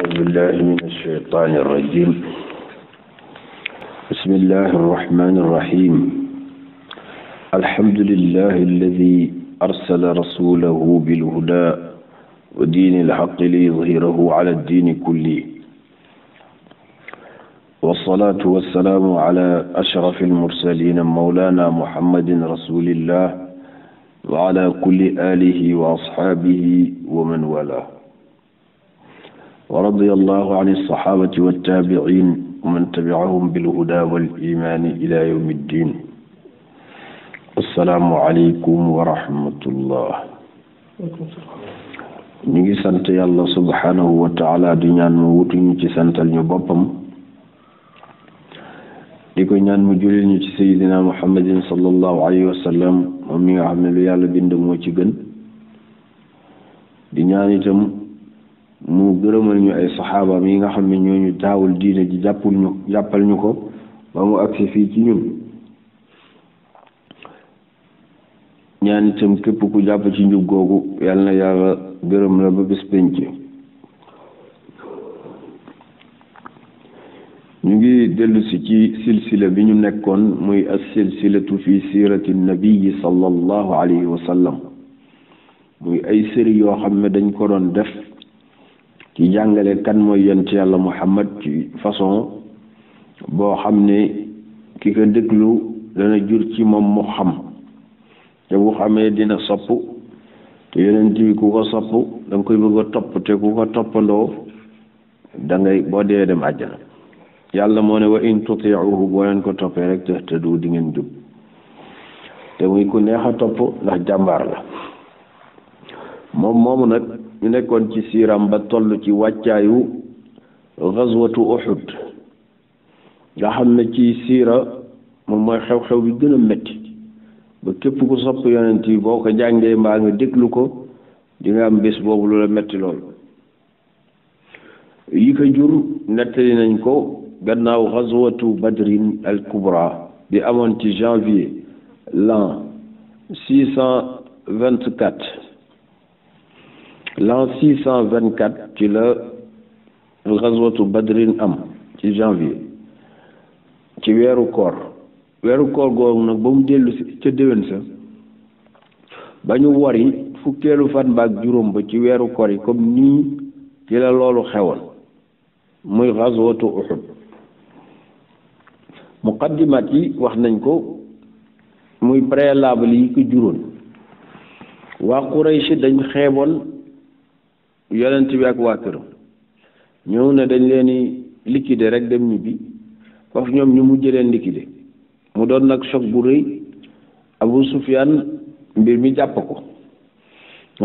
أعوذ بالله من الشيطان الرجيم بسم الله الرحمن الرحيم الحمد لله الذي أرسل رسوله بالهدى ودين الحق ليظهره على الدين كله والصلاة والسلام على أشرف المرسلين مولانا محمد رسول الله وعلى كل آله وأصحابه ومن والاه wa radiyallahu an alsaxaabati waltaabiin wa man tabiahum bilhuda walimaani ila yawmi ddin assalaamu aleykum wa rahmatullah ñu ngi sant yàlla subhaanahu wa taala di ñaan mu wutuñu ci santal ñu boppam di ko ñaan mu julil ñu ci sayidina muhammadin sallallahu alayhi wa sallam moom mi nga xam ne lu yàlla bind moo ci gën di ñaan itam mu gërëmal ñu ay saxaabaam yi nga xam ne ñooñu daawul diine ji jàppul ñu jàppal ñu ko ba mu agsi fii ci ñun ñaan itam képp ku jàpp ci njub googu yàlla na yàlla gërëm la ba bés penc ñu ngi dellusi ci silsila bi ñu nekkoon muy as silsilatu fi siirati nabii sallallahu alayhi wa sallam muy ay séri yoo xam ne dañ ko doon def ci jàngale kan mooy yonent yàlla muhammad ci façon boo xam ne ki ko déglu dana jur ci moom mu xam te bu xamee dina sopp te yeneen bi ku ko sopp da koy bëgg a topp te ku ko toppandoo da boo dee dem àjjana yàlla moo ne wa in tutiuhu boo leen ko toppee rek tahtadu di ngeen jub te muy ku neex a topp ndax jàmbaar la moom moomu nag ñu nekkoon ci siiram ba toll ci wàccaayu gazwatu Uhud nga xam ne ci siira moom mooy xew-xew bi gën a ba képp ku sopp yonent yi boo ko jàngee mbaa nga déglu ko di nga am bés boobu lu la métti lool yi ko jur nettali nañ ko gannaaw gazwatu badrin al kubra bi amoon ci janvier l'an six cent vingt-quatre l'an 624 ci la xazwatu badrin am ci janvier ci weeru koor weeru koor googu nag ba mu dellu si ca déwén sa ba ñu wari fukkeelu fan baak juróom ba ci weeru koor yi comme nii ci la loolu xewoon muy xazwatu Uhud muqaddimat yi wax nañ ko muy préalable yi ko juróon waa Quraysh dañ xeeboon yonent bi ak waa këram ñëw na dañ leen di liquider rek dem ñibbi foofu ñoom ñu mujj leen liquider mu doon nag choc bu rëy Abu Sufyaan mbir mi jàpp ko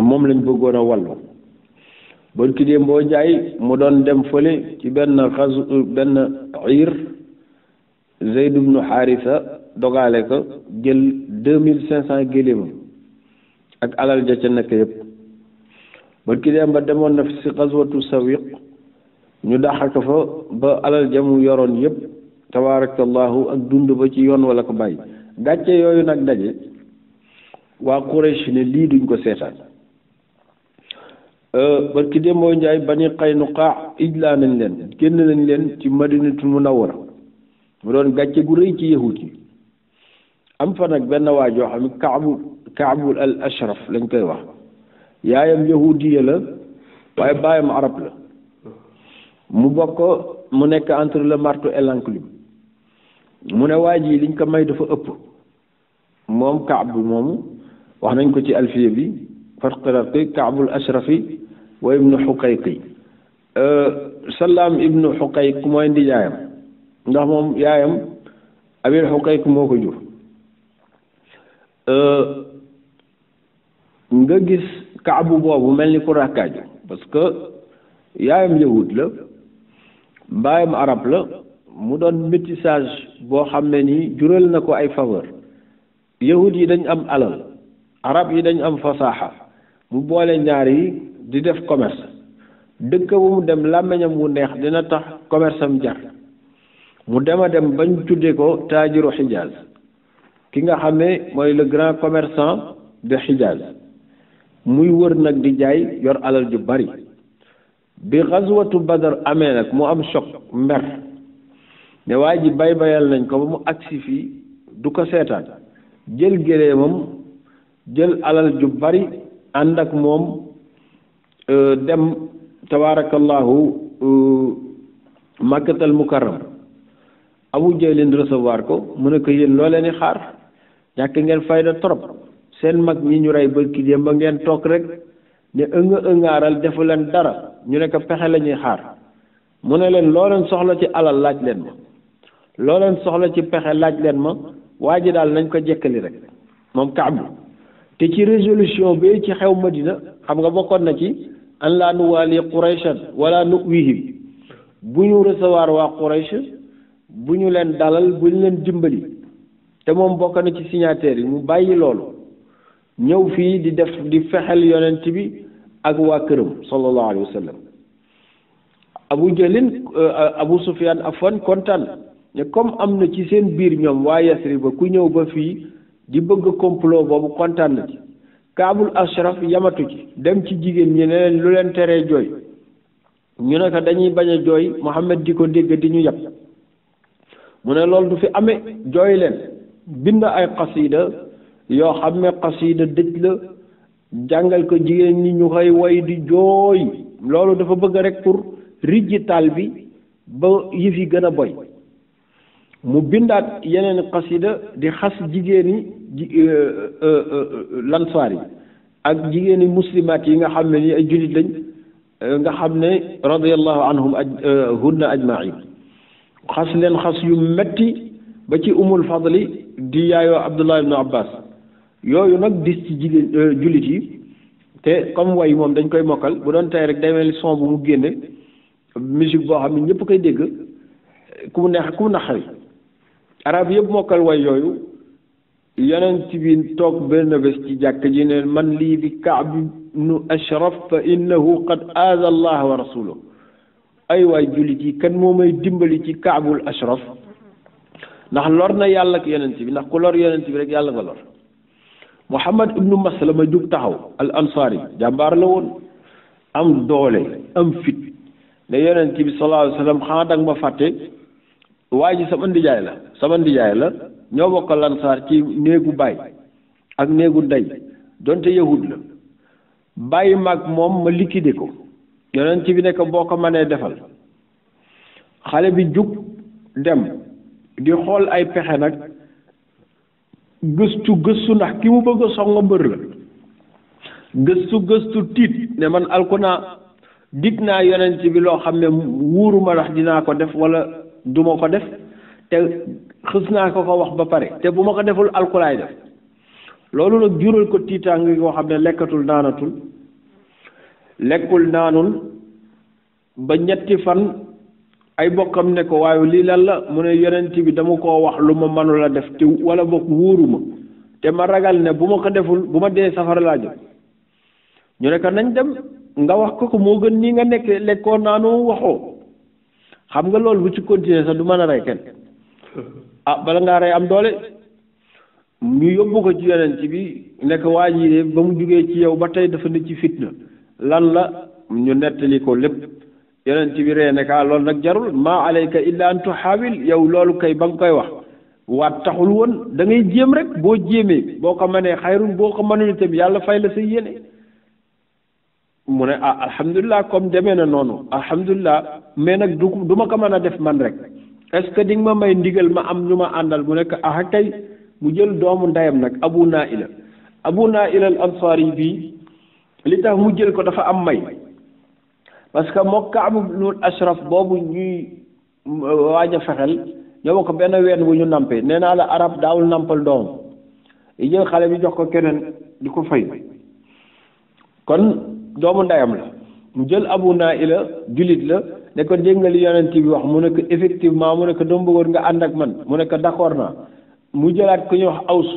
moom lañ bëggoon a wallu bon ki dee mboo njaay mu doon dem fële ci benn xas benn ir Zayd ibnu Haarisa dogaale ko jël deux mille cinq cent géléemam ak alal ja ca nekk yépp ba ki dem ba demoon na fi si xaswatu sawiq ñu dàq fa ba alal jamu yoroon yëpp tabaarakallahu ak dund ba ci yoon wala ko bàyyi gàcce yooyu nag daje waa Quraysh ne lii duñ ko seetaan euh, ba ki demoo njaay bani Qaynuqaa ijlaa nañ leen génn nañ leen ci madinatul munawwara mu doon gàcce gu rëy ci yahut yi am fa nag benn waa joo xam ne kaabu kaabul al ashraf lañ koy wax yaayam yahudiya la waaye baayam arab la mu bokk mu nekk entre le marteau et mu ne waa ji liñ ko may dafa ëpp moom kaab bi moomu wax nañ ko ci alfiya bi farqirat ki kaabul ashrafi wa ibnu xuqayqi euh, salaam ibnu xuqayq mooy ndi yaayam ndax moom yaayam abil xuqayq moo ko jur euh, nga gis kaabu boobu mel ni ku rakkaaju parce que yaayam yahut la baayam arab la mu doon métissage boo xam ne nii jural na ko ay faveur yahut yi dañ am alal arab yi dañ am fasaaxa mu boole ñaar yi di def commerce dëkk bu mu dem làmmiñam wu neex dina tax commerce am jar mu dem a dem bañ juddee ko taajiru xijaaz ki nga xam ne mooy le grand commerçant de xijaaz muy wër nag di jaay yor alal ju bari bi xaswatu badar amee nag mu am choc mer ne waa ji bay bayal nañ ko ba mu agsi fii du ko seetaan jël géléemam jël alal ju bari ànd ak moom euh, dem tabaarakallahu euh, màkkatal mukarram abu jaylin recevoir ko mu ne ko yéen loo leen di xaar ñàkk ngeen fayda trop seen mag ñi ñu rey ba dée ba ngeen toog rek ne ënga ëngaaral defu leen dara ñu ne ko pexe la ñuy xaar mu ne leen loo soxla ci alal laaj leen ma loo soxla ci pexe laaj leen ma waa ji daal nañ ko jekkali rek moom Kaab te ci résolution bi ci xew ma dina xam nga bokkoon na ci an laa nu waali Qurayshan nu wihim bu ñu recevoir waa Quraysh bu ñu leen dalal bu ñu leen dimbali te moom bokk na ci signataires yi mu bàyyi loolu ñëw fii di def di fexel yonent bi ak waa këram sallallahu alayhi wa sallam abu jëlin euh, abu sufiyaan afwan kontaan ne comme am na ci seen biir ñoom waa yasri ba ku ñëw ba fii di bëgg komplo boobu kontaan na ci kaabul ashraf yamatu ci dem ci jigéen ñi ne lu leen tere jooy ñu ne dañuy bañ a jooy Muhammad di ko dégg di ñu yàpp mu ne loolu du fi amee jooy bind ay xasida yoo xam ne xasida dëj la jàngal ko jigéen ñi ñu koy way di jooy loolu dafa bëgg rek pour rijji taal bi ba yëf yi gën a boy mu bindaat yeneen xasida di xas jigéen yi euh, euh, euh, lansaar yi ak jigéen yi muslimaat yi nga xam ne ni ay jullit lañ nga xam ne radiallahu anhum aj hunna ajmain xas leen xas yu metti ba ci umul fadli di yaayoo abdullah ibnu abbas yooyu nag dis ci jigéen euh, jullit yi te comme way moom dañ koy mokkal bu doon tey rek day mel son bu mu génne musique boo xam ne ñëpp koy dégg ku mu neex ku mu naqari arab yëpp mokkal way yooyu yonent bi toog benn bés ci jàkk ji ne man lii bi Kaab nu Ashraf fa innahu qad aada allah wa rasulahu ay waay jullit yi kan moo may dimbali ci Kaabul Ashraf ndax lor na yàlla ak yonent bi ndax ku lor yonent bi rek yàlla nga lor Muhammad ibnu ma jub taxaw al ansaari jàmbaar la woon am doole am fit ne yonent bi sallallahu alayhi wa sallam xanaa danga ma fàtte waaye ji sama ndijaay la sama ndijaay la ñoo bokk al ansaar ci néegu baay ak néegu ndey donte yahud la bàyyi mag moom ma liquide ko yonent bi ne boo ko mënee defal xale bi jug dem di xool ay pexe nag gëstu gëstu ndax ki mu bëgg a songo mbër la gëstu gëstu tiit ne man alku naa naa yonent bi loo xam ne wuuruma ndax dinaa ko def wala duma ko def te xës naa ko ko wax ba pare te bu ma ko deful alkulaay def loolu nag jural ko tiitaange koo xam ne lekkatul naanatul lekkul naanul ba ñetti fan ay bokkam ne ko waaye lii lan la mu ne yonent bi dama koo wax lu ma mënul a def te wala bokk wóoru te ma ragal ne bu ma ko deful bu ma dee safara laa jëm ñu ne nañ dem nga wax ko ko moo gën nii nga nekk lekkoo naanoo waxoo xam nga loolu bu ci continuer sax du mën a rey kenn ah bala ngaa rey am doole ñu yóbbu ko ci yonent bi nekk ko waa ji ba mu jógee ci yow ba tey dafa ne ci fitna lan la ñu nettali ko lépp yonent bi ree ne ka loolu nag jarul ma alayka illa an tuhaawil yow loolu kay ba nga koy wax waat taxul woon da ngay jéem rek boo jéemee boo ko mënee xayrun boo ko mënul itam yàlla fay la sa yéene mu ne ah alhamdulilah demee na noonu alhamdulilah mais nag du du ma ko mën a def man rek est-ce ma may ndigal ma am ñu ma àndal mu nekk ah kay mu jël doomu ndeyam nag abu naa ila abu naa ila al li tax mu jël ko dafa am may parce que moo Kaabu ibnul Ashraf boobu ñuy euh, waaja a fexel ko benn ween wu ñu nampee nee naa la arab daawul nampal doom yi jël xale bi jox ko keneen di ko fay kon doomu ndeyam la mu jël abu naa ila jullit la ne ko dégg nga li bi wax mu nekk ko effectivement mu ne ko dama bëggoon nga ànd ak man mu nekk ko naa mu jëlaat ku ñuy wax aws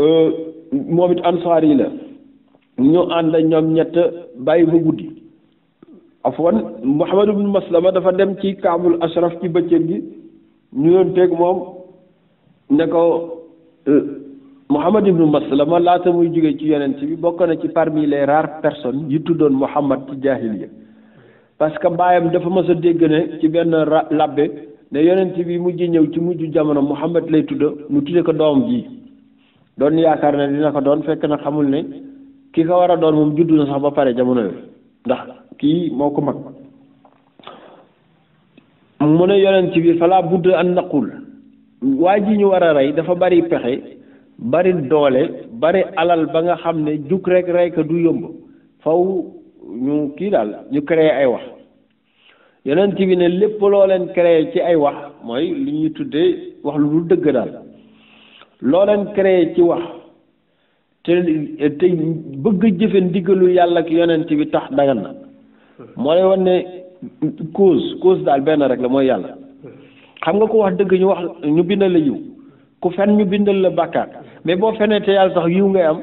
euh, moom it ansaar yi la ñu ànd ñoom ñett bàyyi ba guddi afwan Muhammad ibn Maslama dafa dem ci Kaabul Ashraf ci bëccëg gi ñu doon teg moom ne ko euh, Muhammad ibn Maslama laata muy jóge ci yonent bi bokk na ci parmi les rares personnes yi tuddoon Muhammad ci jaahiliya parce que baayam dafa mës dégg ne ci benn labbe ne yonent bi mujj ñëw ci mujj jamono Muhammad lay tudd mu tudde ko doom ji doon yaakaar ne dina ko doon fekk na xamul ne ki ko war a doon moom juddu na sax ba pare jamono yooyu ndax kii moo ko mag mu ne yonent bi fala budda an naqul waa ji ñu war a rey dafa bari pexe bari doole bari alal ba nga xam ne jug rek rey ko du yomb fow ñu kii daal ñu créé ay wax yonent bi ne lépp loo leen créé ci ay wax mooy li ñuy tuddee wax lu dul dëgg daal loo leen créé ci wax te te bëgg jëfe ndigalu yàlla ak yonent bi tax dagan moo lay wan ne cause cause daal benn rek la mooy yàlla xam nga ko wax dëgg ñu wax ñu bindal la yiw ku fen ñu bindal la bàkkaar mais boo fenee te yàlla sax yiw ngay am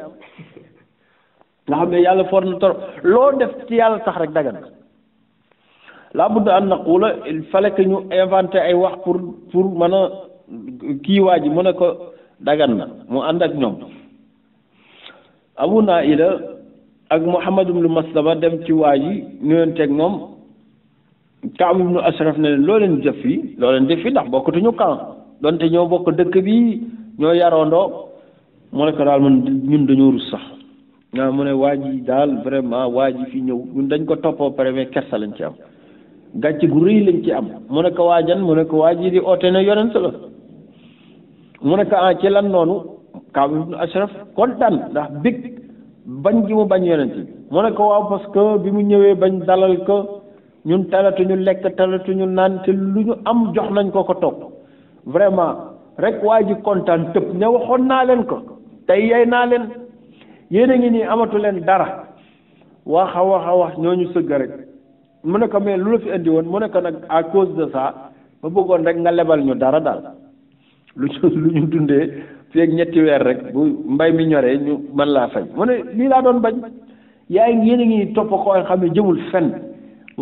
nga xam ne yàlla for na torop loo def ci yàlla sax rek dagan laa budda an naqula il fallait que ñu inventé ay wax pour pour mën a kii waa ji mu ne ko dagan na mu ànd ak ñoom abu naa ila ak Muhammad ibnu Maslama dem ci waa ji nuyonteeg moom Kaab nu Ashraf ne leen loo leen def fii loo leen def fii ndax bokkatuñu camp donte ñoo bokk dëkk bi ñoo yaroondoo mu ne ko daal man ñun dañoo rus sax nga mu ne waa ji daal vraiment waa ji fii ñëw ñun dañ ko toppoo pare mais kersa lañ ci am gàcce gu rëy lañ ci am mu ne ko waajan mu ne ko waa ji di oote ne yonent la mu nekk ko ah, ci lan noonu Kaab ibnu Ashraf kontaan ndax bég bañ gi mu bañ yonent bi mu ne ko waaw parce bi mu ñëwee bañ dalal ko ñun ñu lekk talatuñu naan te lu ñu am jox nañ ko ko toog vraiment rek waa ji kontaan tëb ne waxoon naa leen ko tey yey naa leen yéen a ngi nii amatu leen dara wax a wax a wax ñooñu sëgg rek mu ne ko mais lu la fi indi woon mu ne nag à cause de ça ba bëggoon rek nga lebal ñu dara daal lu ñu lu ñu dundee fii ñetti weer rek bu mbay mi ñoree ñu man laa fay mu ne lii laa doon bañ yaay ngi a ngi topp koo xam ne jëmul fenn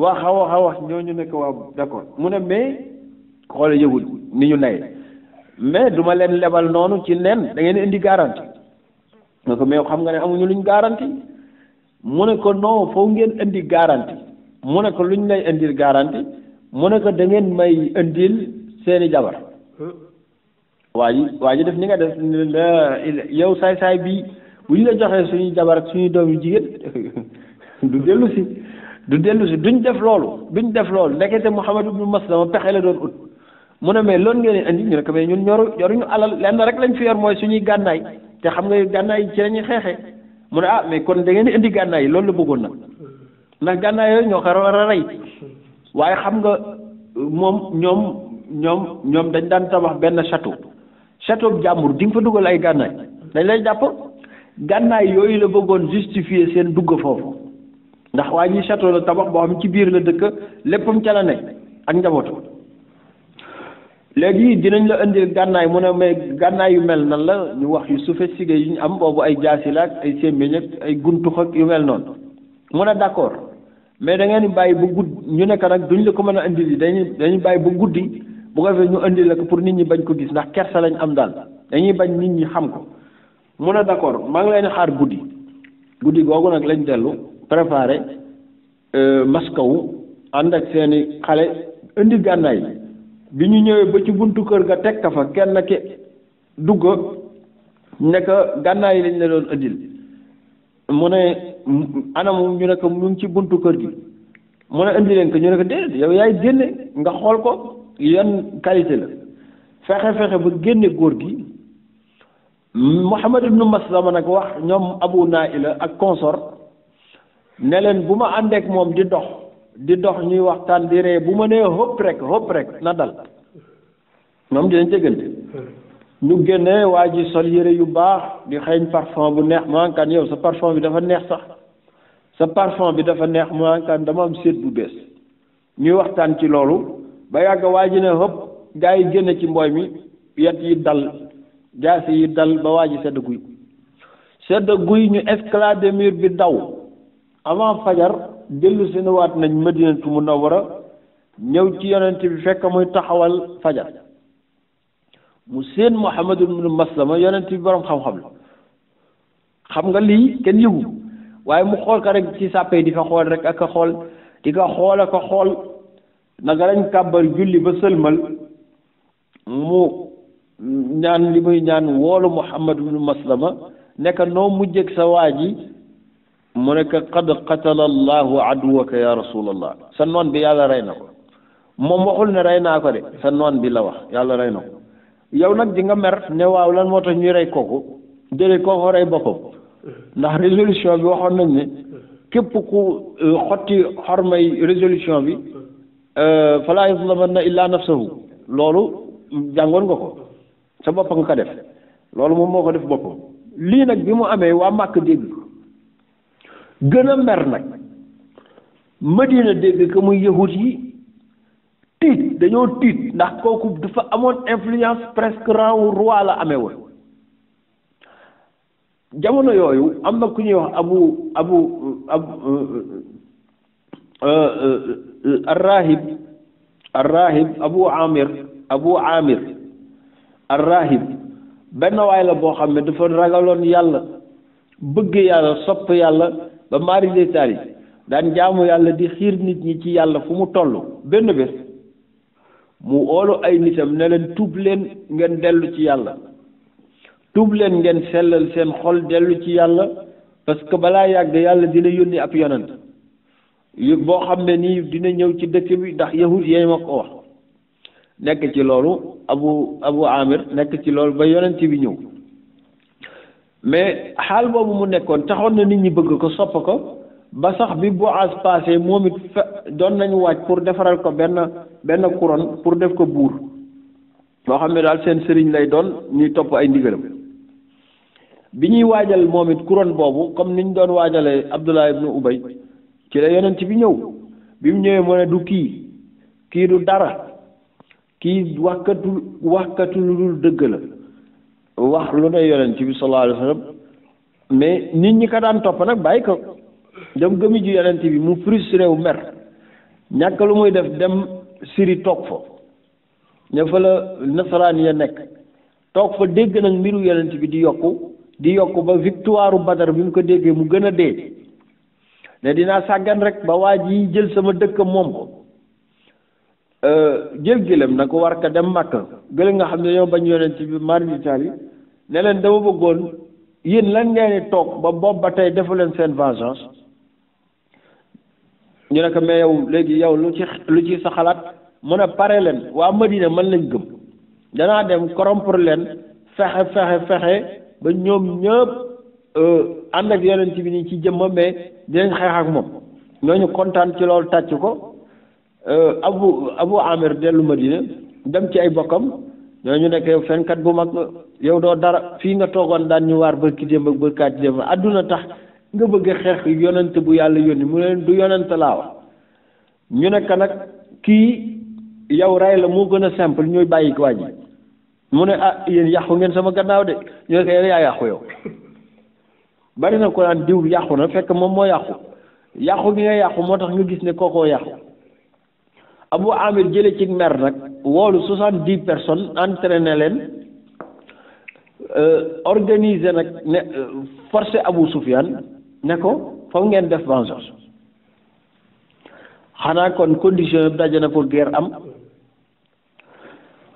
wax a wax a wax ñooñu nekk waa d'accord mu ne mais xoole yëgul ni ñu nay mais du leen lebal noonu ci nen dangeen indi garantie nga ko mais xam nga ne amuñu luñ garantie mu ne ko non foo ngeen indi garantie mu ne ko luñ lay indil garantie mu ne ko da ngeen may indil seeni jabar euh, waa ji waa ji def ni nga def yow saay saay bii bu ñu la joxee suñuy jabar ak suñuy doom yu jigéen du dellu si du dellu si duñ def loolu duñ def loolu ndekete Muhammad ibnu Maslama pexe la doon ut mu ne mais loolu ngeen indi mais ñun ñoru yoruñu alal lenn rek lañ fi mooy suñuy gànnaay te xam nga gànnaay ci lañuy xeexee mu ne ah mais kon da indi gànnaay yi loolu la bëggoon nag ndax gànnaay yooyu ñoo ko a rey waaye xam nga moom ñoom ñoom ñoom dañ daan tabax benn château château jàmbur di nga fa dugal ay gànnaay dañ lay jàpp gànnaay yooyu la bëggoon justifier seen dugg foofu ndax waa ñi château la tabax boo xam ci biir la dëkk léppam ca la ne ak njabootu léegi dinañ la indil gànnaay mu ne mais gànnaay yu mel nan la ñu wax yu su sophistiqué yu ñu am boobu ay jaasi la ak ay sémmiñ ak ay guntux ak yu mel noonu mu ne d'accord mais da ngeen di bàyyi bu gudd ñu nekk nag duñ la ko mën a indil yi dañu dañuy bàyyi ba guddi. bu ko defee ñu indi la ko pour nit ñi bañ ko gis ndax kersa lañ am daal dañuy bañ nit ñi xam ko mu ne d'accord maa ngi leen xaar guddi guddi googu nag lañ dellu préparé euh, maskawu ànd ak seeni xale indi gànnaay bi ñu ñëwee ba ci buntu kër ga teg ka fa kenn ki dugg nekk gànnaay yi lañ la doon indil mu ne anam ñu nekk ko ci buntu kër gi mu ne ko ñu ne déedéet yow yaay génne nga xool ko yan qualité la fexe fexe ba génne góor gi Muhammad ibnu Maslama nag wax ñoom Abu Naila ak consort ne leen bu ma àndeek moom di dox di dox ñuy waxtaan di ree bu ma nee hëpp rek hëpp rek na dal moom dinañ tëggante hmm. ñu génne waa ji sol yére yu baax di xeeñ parfum bu neex maankaan yow sa parfum bi dafa neex sax sa parfum bi dafa neex maankaan dama am séet bu bees ñuy waxtaan ci loolu ba yàgg waa ji ne hëpp gaa yi génn ci mbooy mi yet yi dal jaasi yi dal ba waa sedd guy sedd guy ñu escalader mur bi daw avant fajar dellu seen waat nañ madinatu munawwara ñëw ci yonent bi fekk muy taxawal fajar mu seen Muhammad ibn Maslama yonent bi borom xam-xam la xam nga lii kenn yëgu waaye mu xool ko rek ci sàppe di fa xool rek ak xool di ko xool ak xool naka lañ kàbbar julli ba sëlmal mu ñaan li muy ñaan woolu muhammad ibnu maslama nekk noo mujjeg sa waa ji mu nekk qad qatala allahu aduwaka ya rasulallah sa noon bi yàlla rey na ko moom waxul ne rey naa ko de sa noon bi la wax yàlla rey na ko yow nag di nga mer ne waaw lan moo tax ñuy rey kooku déedéet kooku rey boppam ndax résolution bi waxoon nañ ne képp ku xotti xormay résolution bi Euh, falaa yazlamanna illaa nafsahu loolu jàngoon nga ko sa bopp nga ko def loolu moom moo ko def boppa lii nag bi mu amee waa màkk dégg gën a mer nag madina dégg ko muy yahut yi tiit dañoo tiit ndax kooku dafa amoon influence presque rang roi la amee woon jamono yooyu am na ku ñuy wax abu abu abu euh, euh, arrahib arrahib abu amir abu amir arrahib benn waay la boo xam ne dafa ragaloon yàlla bëgg yàlla sopp yàlla ba maari detaar yi daan jaamu yàlla di xiir nit ñi ci yàlla fu mu toll benn bés mu oolu ay nitam ne leen tuub leen ngeen dellu ci yàlla tuub leen ngeen sellal seen xol dellu ci yàlla parce que balaa yàgg yàlla dina yónni ab yonant yu boo xam ne nii dina ñëw ci dëkk bi ndax yahud yee ma ko wax nekk ci loolu abu abu amir nekk ci loolu ba yonent bi ñëw mais xaal boobu mu nekkoon taxoon na nit ñi bëgg ko sopp ko ba sax bi Boaz passé moom it fe doon nañu waaj pour defaral ko benn benn couronne pour def ko buur boo xam ne daal seen sëriñ lay doon ñuy topp ay ndigalam bi ñuy waajal moom it couronne boobu comme ni ñu doon waajalee Abdullah ibnu Ubay ci la yonent bi ñëw bi mu ñëwee mu ne du kii kii du dara kii waxkatu waxkatu lu dul dëgg la wax lu ne yonent bi sallallahu alayhi wa mais nit ñi ko daan topp nag bàyyi ko dem gëmi ji yonent bi mu frustré wu mer ñàkk lu muy def dem siri toog fa ña fa la nasaraan ya nekk toog fa dégg nag mbiru yonent bi di yokk di yokk ba victoire u bi mu ko déggee mu gën a dee ne dinaa sàggan rek ba waa ji jël sama dëkk moom ko euh, jël gëlëm na ku war ka dem màkk gëlëm nga xam ne yow bañ yonent bi maritali ne leen dama bëggoon yéen lan ngeen di toog ba boobu ba tey defu leen seen vengeance ñu ne ko mais yow léegi yow lu ci lu ci sa xalaat mu ne pare leen waa Madina man lañ gëm danaa dem corrompre leen fexe fexe fexe ba ñoom ñëpp Euh, ànd ak yonent bi nii ci jëmma mais dinañ xeex ak moom ñu kontaan ci loolu tàcc ko euh, abu abu amer dellu dina dem ci ay bokkam ñoo ñu nekk yow fenkat mag yow doo dara fii nga toogoon daan ñu waar bërki démb ak bërkaat démb àdduna tax nga bëgg a xeex yonent bu yàlla yónni mu leen du yonent laa wax ñu nekk nag kii yow rey la moo gën a simple ñooy bàyyi waa ji mu ne ah yéen yàqu ngeen sama gannaaw de ñu nekk yéen yaa yàqu yow bari na ko naan diw yàqu na fekk moom moo yàqu yàqu gi nga yàqu moo tax nga gis ne kookoo yàqu Abu Amir jële ci mer nag woolu soixante dix personnes ne leen euh, organise nag ne euh, forcé Abu Soufiane ne ko foog ngeen def vengeance xanaa kon condition yëpp daje na pour guerre am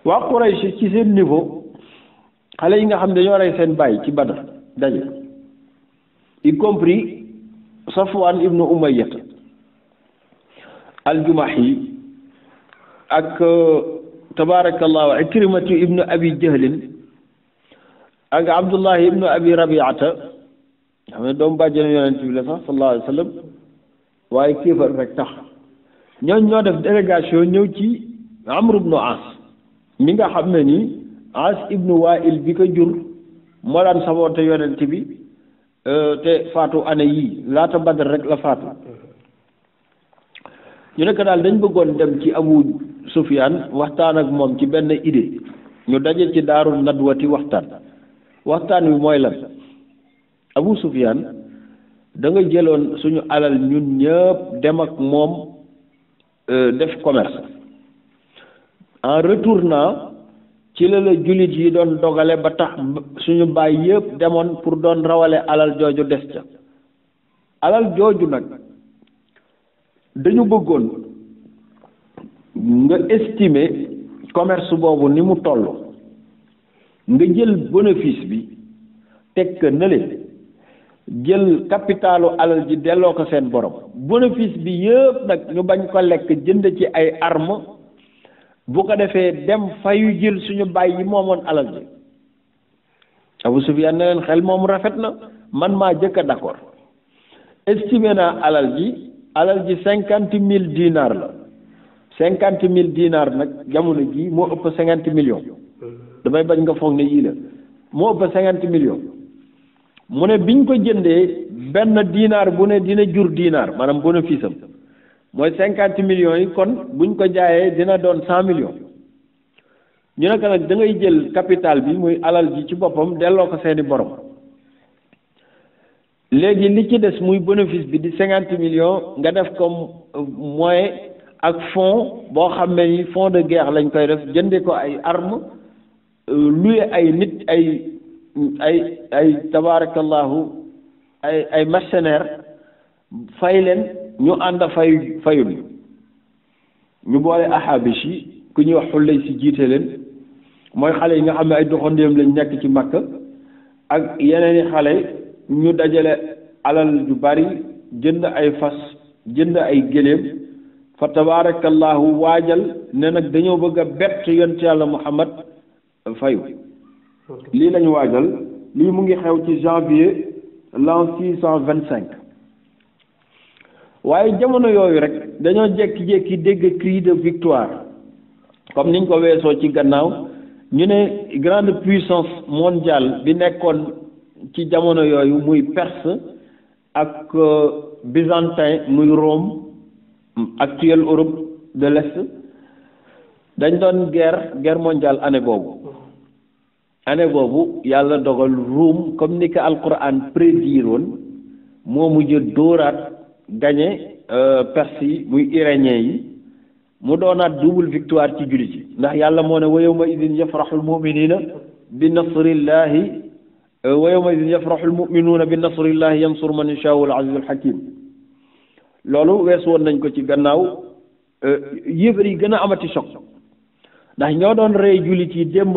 waa Quraysh ci seen niveau xale yi nga xam ne dañoo rey seen bàyyi ci Badar daje y compris Safwan ibnu Umayyah al-Jumahi ak euh, tabarakallahu Ikrimatu ibnu Abi Jahlin ak Abdullahi ibnu Abi Rabiata xam ne doomu bàjjenu yonent bi la sax waaye kéefar rek tax ñooñ ñoo def délégation ñëw ci Amr ibnu As mi nga xam ne As ibnu Wail bi jur moo daan saboote yonent Euh, te faatu année yii laata Badr rek la faatu ñu nekk daal dañ bëggoon dem ci Abu Sufyaan waxtaan ak moom ci benn idée ñu daje ci daarul nadwati waxtaan waxtaan wi mooy lan Abu Sufyaan danga jëloon suñu alal ñun ñëpp dem ak moom euh, def commerce en retournant ci la la jullit yi doon dogale ba tax suñu baay yépp demoon pour doon rawale alal jooju des ca alal jooju nag dañu bëggoon nga estimer commerce boobu ni mu toll nga jël bénéfice bi teg ka nële jël capitalu alal ji delloo ko seen borom bénéfice bi yépp nag ñu bañ ko lekk jënd ci ay armes bu ko defee dem fayu jël suñu baay yi moomoon alal ji Abu Sufyaan ne leen xel moom rafet na man maa jëkk a d'accord estimé naa alal ji alal ji cinquante mille dinaar la cinquante mille dinaar nag jamono jii moo ëpp cinquante millions damay bañ nga foog ne yii la moo ëpp cinquante million mu ne biñ ko jëndee benn dinaar bu ne dina jur dinaar maanaam bénéfice am mooy cinquante millions yi kon buñ ko jaayee dina doon cent millions ñu ne ko nag dangay jël capital bi muy alal bi ci boppam delloo ko seeni borom léegi li ci des muy bénéfice bi di cinquante millions nga def ko moyen ak fonds boo xam ne ni fonds de guerre lañ koy def jënde ko ay armes luye ay nit ay ay ay tabaarakallahu ay ay mercenaires fay leen ñu ànd fay fayul ñu boole axaabis yi ku ñuy wax xullay si jiite leen mooy xale yi nga xam ne ay doxandéem lañ nekk ci Makka ak yeneen i xale ñu dajale alal ju bari jënd ay fas jënd ay géléem fa tabarakallahu waajal ne nag dañoo bëgg a bett yonent yàlla Muhammad fayu lii lañu waajal lii mu ngi xew ci janvier l'an six cent vingt cinq waaye jamono yooyu rek dañoo jékki-jékki dégg cri de victoire comme niñ ko weesoo ci gannaaw ñu ne grande puissance mondiale bi nekkoon ci jamono yooyu muy Perse ak euh, byzantin muy Rome actuelle Europe de l'Est dañ doon guerre guerre mondiale année boobu année boobu yàlla dogal Rome comme ni ko alquran prédire woon moo mujj dóoraat gañe euh, perse yi muy iranien yi mu doonaat double victoire ci jullit yi ndax yàlla moo ne wa yawma idin yafraxul muminina bi nasrillahi euh, wa yawma idin yafraxul muminuuna bi nasrillahi yansur man yashaau al azizul hakim loolu wees woon nañ ko ci gannaaw euh, yéefar yi gën a amati choc ndax ñoo doon rey jullit yi démb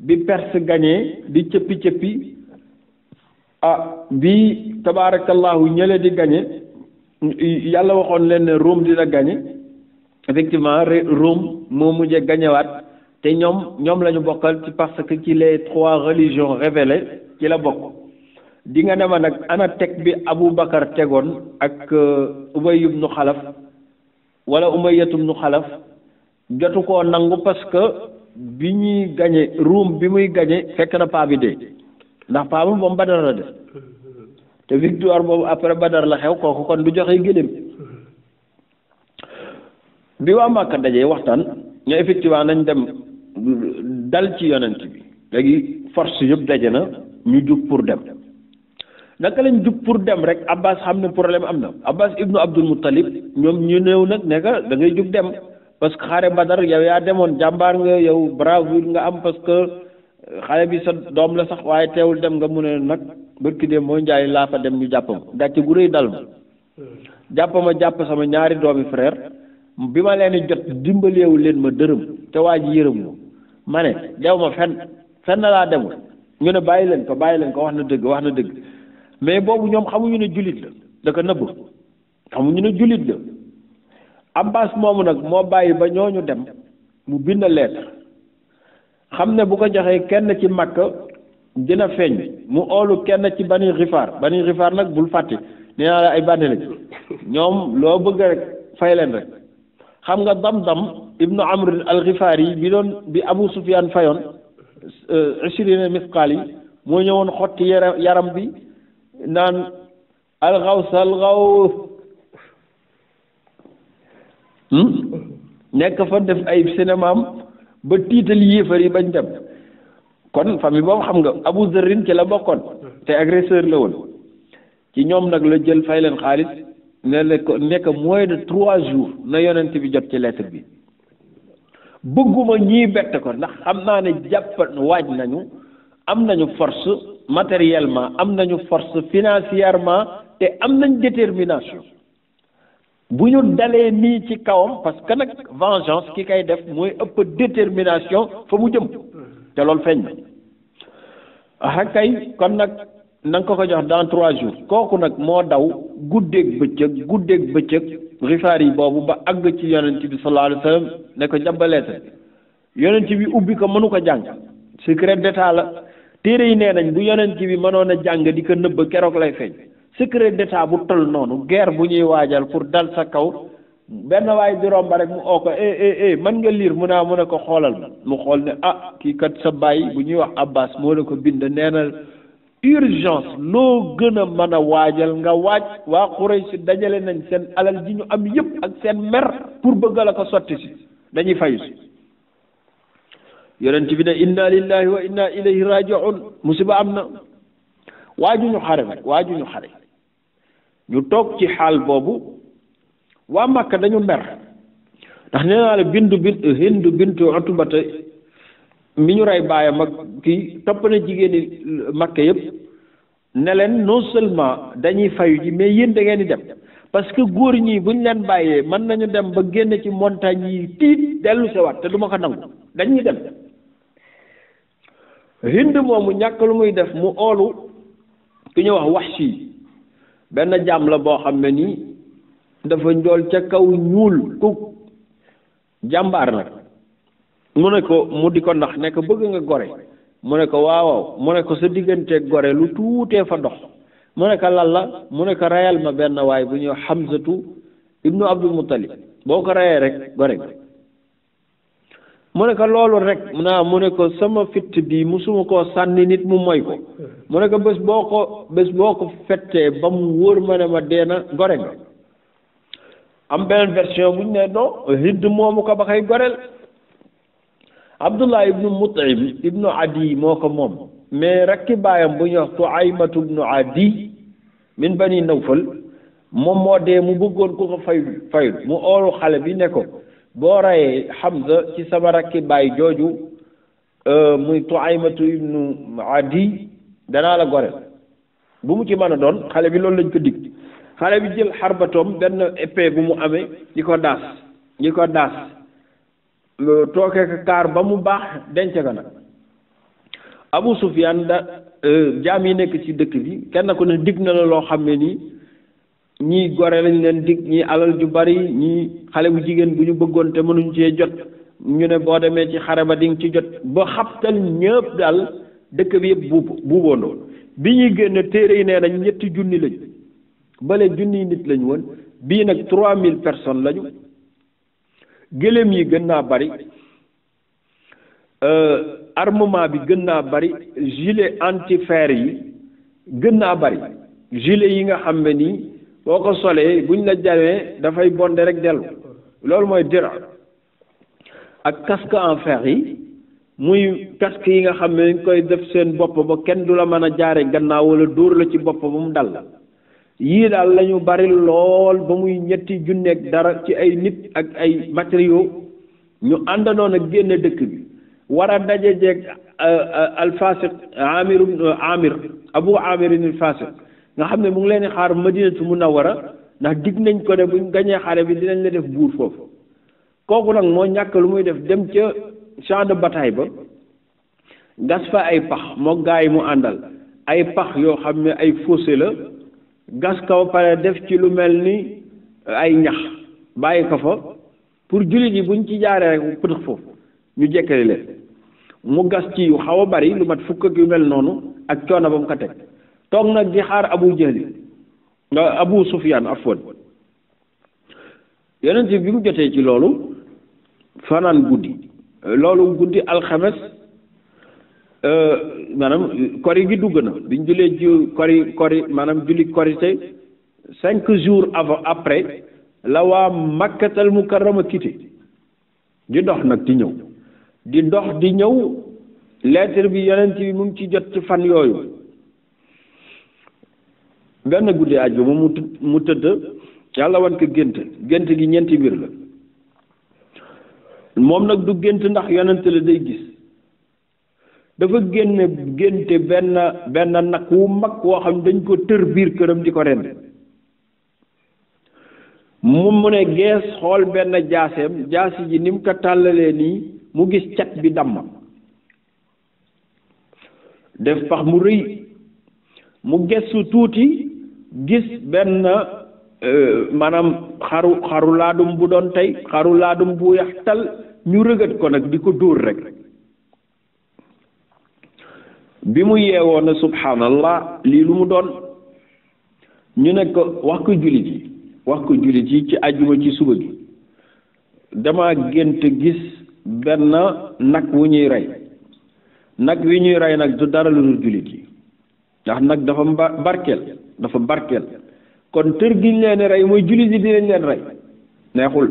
bi perse gañe di cëppi cëppi ah bi tabaarakallahu ñële di gañe yàlla waxoon leen ne Rome dina gañe effectivement Rome moo mujjee gañewaat te ñoom ñoom lañu bokkal ci parce que ci les trois religions révélées ci la bokk di nga dema nag ana teg bi Abu Bakar tegoon ak Ubay euh, ibnu Xalaf wala Umayyat ibnu Xalaf jotu ko nangu parce que bi ñuy gañe ruum bi muy gañe fekk na paa bi ndax paa bi moom Badar la te victoire boobu après badar la xew kooku kon du joxe gëléem bi waa Màkka dajee waxtaan ñoo effectivement nañ dem dal ci yonent bi léegi force yëpp daje na ñu jub pour dem naka lañ jug pour dem rek Abbas xam ne problème am na Abbas ibnu Abdul Muttalib ñoom ñu néew nag ne que da ngay jug dem parce que xare badar yow yaa demoon jàmbaar nga yow bravoure nga am parce que xale bi sa doom la sax waaye teewul dem nga mu ne nag bërki dem moo njaay laa fa dem ñu jàpp ma gàcce gu rëy dal ma jàpp ma jàpp sama ñaari doomi frère bi ma leen jot dimbaleewu leen ma dërëm te waa ji yërëm ma ma ne dew ma fenn fenn laa demul ñu ne bàyyi leen ko bàyyi leen ko wax na dëgg wax na dëgg mais boobu ñoom xamuñu ne jullit la da ko nëbb xamuñu ne jullit la Abbas moomu nag moo bàyyi ba ñooñu dem mu bind lettre xam ne bu ko joxee kenn ci Makka gën a feeñ mu oolu kenn ci bani xifaar bani xifaar nag bul fàtte nee naa la ay bànne lañ ñoom loo bëgg rek fay leen rek xam nga dam-dam ibnu amr al xifaar yi bi doon bi abu sufyaan fayoon euh, ishirina misqaal yi moo ñëwoon xotti yaram bi naan al xaws al xaws hmm? nekk fa def ay cinémaam ba tiital yéefar yi bañ dem kon famille boobu xam nga Abu Zarrin ci la bokkoon te agresseur la woon ci ñoom nag la jël fay leen xaalis ne nekk ko nekk moins de trois jours na yonent bi jot ci lettre bi bëgguma ñii bett ko ndax xam naa ne jàpp waaj nañu am nañu force matériellement am nañu force financièrement te am nañ détermination bu ñu dalee nii ci kawam parce que nag vengeance ki kay def mooy ëpp détermination fa mu jëm te loolu feeñ na ah kay kon nag na ko jox dans trois jours kooku nag moo daw guddeeg bëccëg guddeeg bëccëg rifaar yi boobu ba àgg ci yonent bi sallallahu alayhi wa ne ko jàbbaleete yonent bi ubbi ko mënu ko jàng secret d'état la téere yi nee nañ bu yonent bi mënoon a jàng di ko nëbb keroog lay feeñ secret d'état bu toll noonu guerre bu ñuy waajal pour dal sa kaw benn waay di rek mu oo ko eh eh eh mën nga liir mu a mën a ko xoolal mu xool ne ah kii kat sa bàyyi bu ñuy wax Abbas moo la ko bind nee na urgence loo gën a mën a waajal nga waaj waa Quraysh dajale nañ seen alal ji ñu am yëpp ak seen mer pour bëgg la ko sotti si dañuy fayu si yonent bi ne inna lillahi wa inna ilayhi raji'un musiba am na waajuñu xare nag waajuñu xare ñu toog ci xaal boobu waa Màkka dañu mer ndax nee naa la bindu bin hindu bintu utubata mi ñu rey baayam mag ki topp na jigéeni Màkka yëpp ne leen non seulement dañuy fayu ji mais yéen da ngeen di dem parce que góor ñi bu ñu leen bàyyee mën nañu dem ba génn ci montagne yi tiit dellu sewaat te duma ko nangu dañuy dem hind moomu ñàkk lu muy def mu oolu ki ñu wax wax si benn jaam la boo xam ne nii dafa njool ca kaw ñuul ku jàmbaar nag mu ne ko mu di ko ndax nekk bëgg nga gore mu ne ko waaw mu ne ko sa diggante gore lu tuutee fa dox mu ne ko lan la mu ne ko rayal ma benn waay bu ñëw Hamzatu ibnu Abdul Muttalib boo ko rayee rek gore nga mu ne ko loolu rek naa mu ne ko sama fitt bi musuma koo sànni nit mu moy ko mu ne ko bés boo ko bés boo ko fettee ba mu wóor ma ne ma dee na gore nga am beneen version bu ñu ne non hind moomu ko ba koy goreel abdullah ibnu mutim ibnu adi moo ko moom mais rakki baayam bu ñuy wax tuaymatu ibnu adi min bani nawfal moom moo dee mu bëggoon ku ko fayul fayul mu oolu xale bi ne ko boo rayee Hamza ci sama rakki baay jooju euh, muy tuaymatu ibnu adi danaa la goreel bu mu ci man a doon xale bi loolu lañ ko dig xale bi jël xarbatoom benn épée bu mu amee di ko daas di ko daas tooke ko kaar ba mu baax denc ko nag Abu Sufyaan da euh, jaam yi nekk ci dëkk bi kenn ku ne digg na la loo xam ne nii ñii gore lañ leen dig ñii alal ju bari ñii xale bu jigéen bu ñu bëggoon te mënuñ cee jot ñu ne boo demee ci xare ba di nga ci jot ba xabtal ñëpp daal dëkk bi yëpp buubu buuboondoo bi ñuy génn téere yi nee nañ ñetti junni lañ bale junniy nit lañ woon bii nag trois mille personnes lañu gëléem yi gën naa bari euh, armement bi gën naa bari gilet anti-fer yi gën naa bari gilet yi nga xam ne nii boo ko solee buñ la jamee dafay bonde rek dellu loolu mooy dira ak casque en yi muy casque yi nga xam ne dañ koy def seen bopp ba kenn du la mën a jaare gannaaw wala dóor la ci bopp ba mu dal yii daal la bari lool ba muy ñetti junneeg dara ci ay nit ak ay matériaux ñu àndandoon ak génn dëkk bi war a daje jeeg euh, euh, alfasiq amir euh, amir abu amir alfasiq nga xam ne mu ngi leen di xaar madinatu a ndax dig nañ ko ne buñ gañee xare bi dinañ la def buur foofu kooku nag moo ñàkk lu muy def dem ca champ bataay ba gas fa ay pax moo gaa mu àndal ay pax yoo xam ne ay fossé la gas kaw pare def ci lu mel ni euh, ay ñax bàyyi ko fa pour jullit yi buñ ci jaaree rek pëtëx foofu ñu jekkale leen mu gas ci yu xaw a bari lu mat fukk ak yu mel noonu ak coono ba mu ko teg toog nag di xaar abu jahli nga euh, abu sufyaan afwan yonent bi mu jotee ci loolu fanaan guddi loolu guddi alxames Euh, maanaam kori gi dugg na biñ julee ji kori kori maanaam julli korite cinq jours avant après la waa makkatal mukarrama quitté di dox nag di ñëw di dox di ñëw lettre bi yonent bi mu ngi ci jot ci fan yooyu benn guddi mu tëdd yàlla wan ko gént gént gi ñeenti mbir la moom nag du gént ndax yonent la day gis dafa génn génte benn benn nag wu mag woo xam ne dañ ko tër biir këram di ko ren mu mu ne gees xool benn jaaseem jaasi ji ni mu ko tàllalee nii mu gis cat bi damm def pax mu rëy mu gestu tuuti gis benn euh, maanaam xaru xaru laadum bu doon tey xaru laadum bu yax tal ñu rëgat ko nag di ko dóor rek bi mu yeewoo ne subhanallah lii lu mu doon ñu ne ko wax ko jullit yi wax ko jullit yi ci àjjuma ci suba gi dama gént gis benn nag wu ñuy rey nag wi ñuy rey nag du dara lu dul jullit yi ndax nag dafa barkeel dafa barkeel kon tër gi ñu leen rey mooy jullit yi dinañ leen rey neexul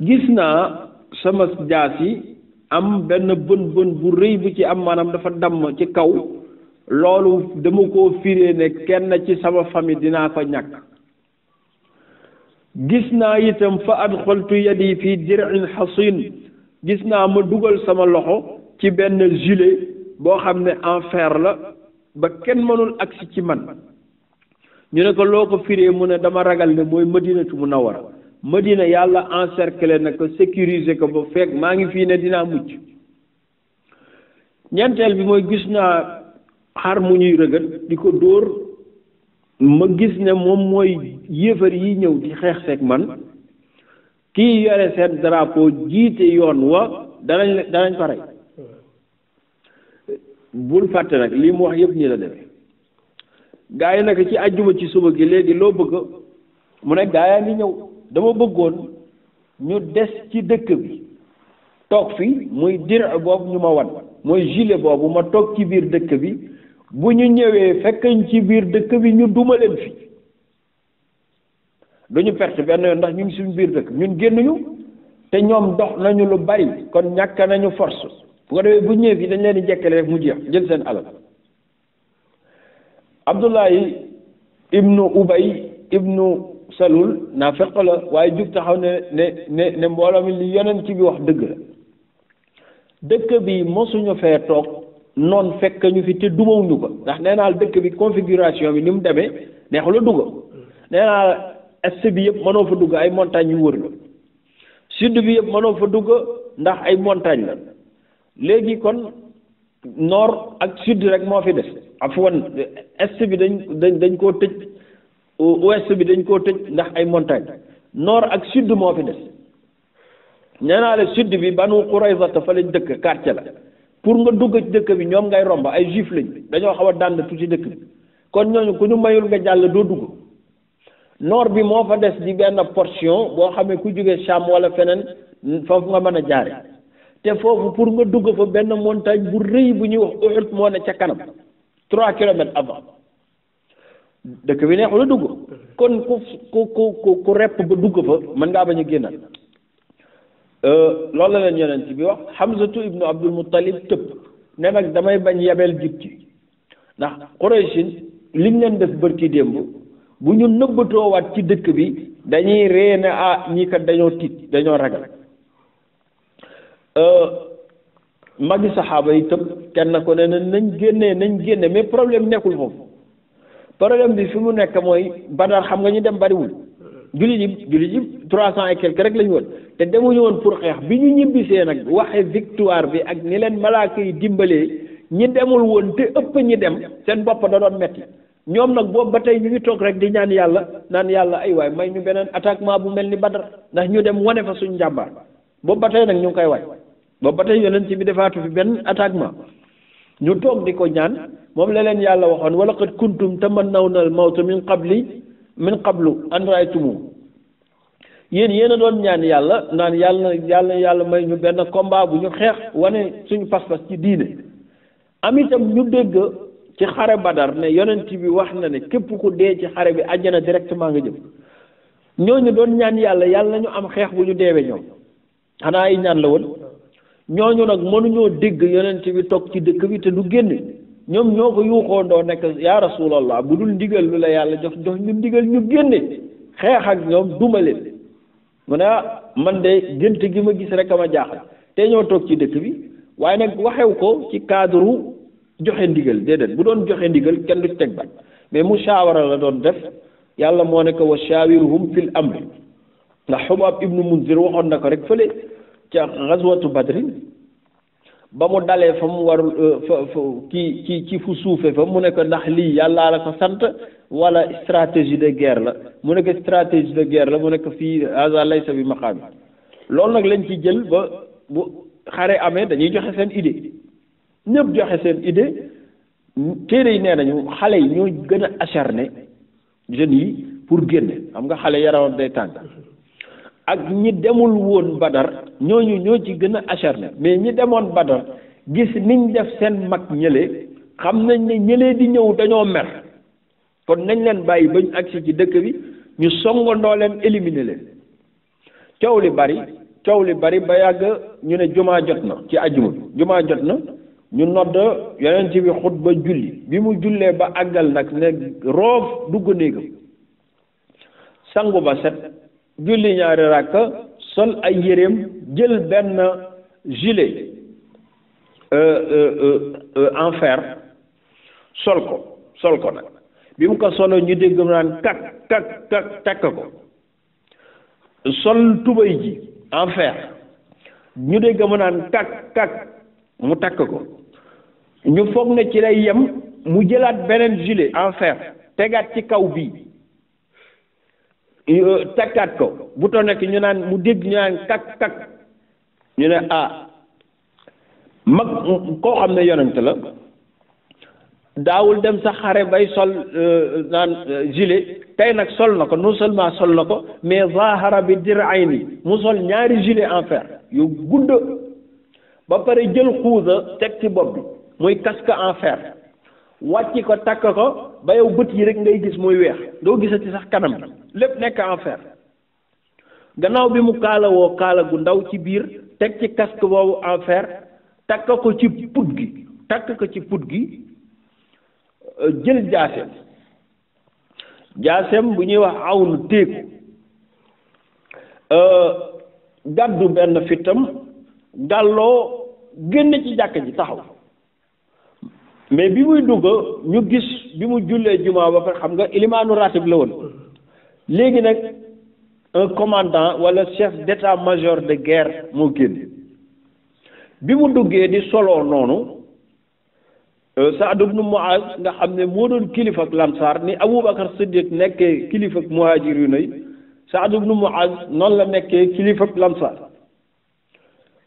gis naa sama jaas yi am benn bën bën bu rëy bi ci am manam dafa damm ci kaw loolu dama ko firee ne kenn ci sama famille dinaa ko ñàkk gis naa itam fa adxaltu yadi fii dirin xasin gis naa ma dugal sama loxo ci benn gilet boo xam ne en fer la ba kenn mënul agsi ci man ñu ne ko loo ko firee mu ne dama ragal ne mooy madinatu munawwara madina yàlla encercler na ko sécuriser ko ba fekk maa ngi fii ne dinaa mucc ñeenteel bi mooy gis naa xar mu ñuy rëgët di ko dóor ma gis ne moom mooy yéefar yi ñëw di xeex seeg man kii yore seen drapeau jiite yoon wa danañ danañ ko rey bul fàtte nag lii mu wax yëpp nii la demee gaa yi nag ci àjjuma ci suba gi léegi loo bëgg mu ne gaa yaa ngi ñëw dama bëggoon ñu des ci dëkk bi toog fi muy dir boobu ñu ma wan mooy gilet boobu ma toog ci biir dëkk bi bu ñu ñëwee fekkañ ci biir dëkk bi ñu duma leen fi duñu perte benn yoon ndax ñu ngi suñu biir dëkk ñun génnuñu te ñoom dox nañu lu bari kon ñàkk nañu force bu ko defee bu ñëwee fii dañ leen di jekkale rek mu jeex jël seen alal Abdullahi ibnu Ubay ibnu salul naa feq la waaye jug taxaw ne ne ne ne mbooloo mi li yonent ci bi wax dëgg la dëkk bi mosuñu fee toog noon fekk ñu fi te dumawuñu ko ndax nee naa dëkk bi configuration bi ni mu demee neexula dugg nee naa est bi yëpp mënoo fa dugg ay montagne yu wër la sud bi yëpp mënoo fa dugg ndax ay montagne la léegi kon nord ak sud rek moo fi des afwan est bi dañ dañ dañ koo tëj ouest bi dañ koo tëj ndax ay montagne noor ak sud moo fi des nee la sud bi banu Qurayza fa lañ dëkk quartier la pour nga dugg dëkk bi ñoom ngay romb ay juif lañ dañoo xaw a dànd tuuti dëkk bi kon ñooñu ku ñu mayul nga jàll doo dugg nord bi moo fa des di benn portion boo xamee ku jógee Sham wala feneen foofu nga mën a jaare te foofu pour nga dugg fa benn montagne bu rëy bu ñuy wax Uhud moo ne ca kanam trois kilomètres avant dëkk bi neexul a dugg kon ku ku ku ku repp ba dugg fa mën ngaa bañ a génn euh, loolu la leen yonent bi wax Hamzatu ibnu Abdul Muttalib tëpp ne nag damay bañ yabeel jib ci ndax Qurayshin liñ leen def bërki démb bu ñu nëbbatoowaat ci dëkk bi dañuy ree ne ah ñii kat dañoo tiit dañoo ragal euh, magi saxaaba yi tëb kenn ko ne nañ génnee nañ génne mais problème nekkul foofu problème bi fi mu nekk mooy Badar xam nga ñu dem bariwul jullit yi jullit yi trois cent et quelque rek la ñu woon te demuñu woon pour xeex bi ñu ñibbisee nag waxe victoire bi ak ni leen malaaka yi dimbalee ñi demul woon te ëpp ñi dem seen bopp da doon metti ñoom nag boobu ba tey ñu ngi toog rek di ñaan yàlla naan yàlla ay waay may ñu beneen attaquement bu mel ni Badar ndax ñu dem wane fa suñu njàmbaar boob ba tey nag ñu ngi koy waay boobu ba tey yonent defaatu fi benn attaquement ñu toog di ko ñaan moom la leen yàlla waxoon wala qad kuntum tamannawna al mawta min qabli min qablu an raaytumu yéen yéen a doon ñaan yàlla naan yàlla yàlla yàlla may ñu benn kombaa bu ñu xeex wane suñu pas-pas ci diine am itam ñu dégg ci xare badar ne yonent bi wax na ne képp ku dee ci xare bi àjjana directement nga jëm ñooñu doon ñaan yàlla yàlla ñu am xeex bu ñu deewee ñoom xanaa ay ñaan la woon ñooñu nag mënuñoo dégg yonent bi toog ci dëkk bi te du génn ñoom ñoo ko yuuxoo yuuxoondoo nekk yaa rasulallah bu dul ndigal lu la yàlla jox jox ñu ndigal ñu génne xeex ak ñoom duma leen mu ne ah, man de gént gi ma gis rek a ma jaaxal te ñoo toog ci dëkk bi waaye nag waxew ko ci cadre joxe ndigal déedéet bu doon joxe ndigal kenn du teg bañ mais mu saawara la doon def yàlla moo ne ko wa shaawiruhum fil amri ndax xubaab ibnu munzir waxoon na ko rek fële ca xaswatu badri ba mu dalee fa mu warul euh, fa fa ci ci ci fu suufe fa mu nekk ko ndax lii yàllaa la ko sant wala stratégie de guerre la mu ne ko stratégie de guerre la mu nekk ko fii haza laysa bi maqaami loolu nag lañ ci jël ba bu xare amee dañuy joxe seen idée ñëpp joxe seen idée téere yi nee nañu xale yi ñoo gën a acharné jeunes yi pour génne xam nga xale yaramam day tànk ak ñi demul woon badar ñooñu ñoo ci gën a acharné mais ñi demoon badar gis niñ def seen mag ñële xam nañ ne ñëlee di ñëw dañoo mer kon nañ leen bàyyi bañ agsi ci dëkk bi ñu songandoo leen éliminer leen coow li bari coow li bari ba yàgg ñu ne jumaa jot na ci ajuma bi jumaa jot na ñu nodd yonent bi ba julli bi mu jullee ba àggal nag ne roof dugg néegam sangu ba set julli ñaari rakk sol ay yéreem jël benn gilet euh, euh, euh, en fer sol ko sol ko nag bi mu ko solo ñu dégg naan kak kak kak takk ko sol tubay ji en ñu dégg mu naan kak kak mu takk ko ñu foog na ci lay yem mu jëlaat beneen gilet en fer tegaat ci kaw bii takkaat ko bu to nekk ñu naan mu dégg ñu naan kak kak ñu ne ah mag koo xam ne yonent la daawul dem sa xare bay sol euh, naan euh, gilet tey nag sol na ko non seulement sol na ko mais zahara bi dirayni mu sol ñaari gilet en fer yu gudd ba pare jël xuusa teg ci bopp bi muy casque en fer wàcc ko takk ko ba yow bët yi rek ngay gis muy weex doo gisati sax kanam lépp nekk en fer gannaaw bi mu kaala woo kaala gu ndaw ci biir teg ci casque boobu en fer takk ko ci put gi takk ko ci put gi euh, jël jaaseem jaaseem bu ñuy wax awnu téeku euh, gàddu benn fittam gàlloo génn ci jàkk ji taxaw mais bi muy dugg ñu gis bi mu jullee jumaa ba pare xam nga ilimaanu ratib la woon léegi nag un commandant wala chef d'état-major de guerre moo génn bi mu duggee di soloo noonu euh, Saad ibn Muaz nga xam ne moo doon kilifa ak lamsaar ni Aboubacar Siddiq nekkee kilifa ak muhajir yu nay Saad ibn Muaz noonu la nekkee kilifa ak lamsaar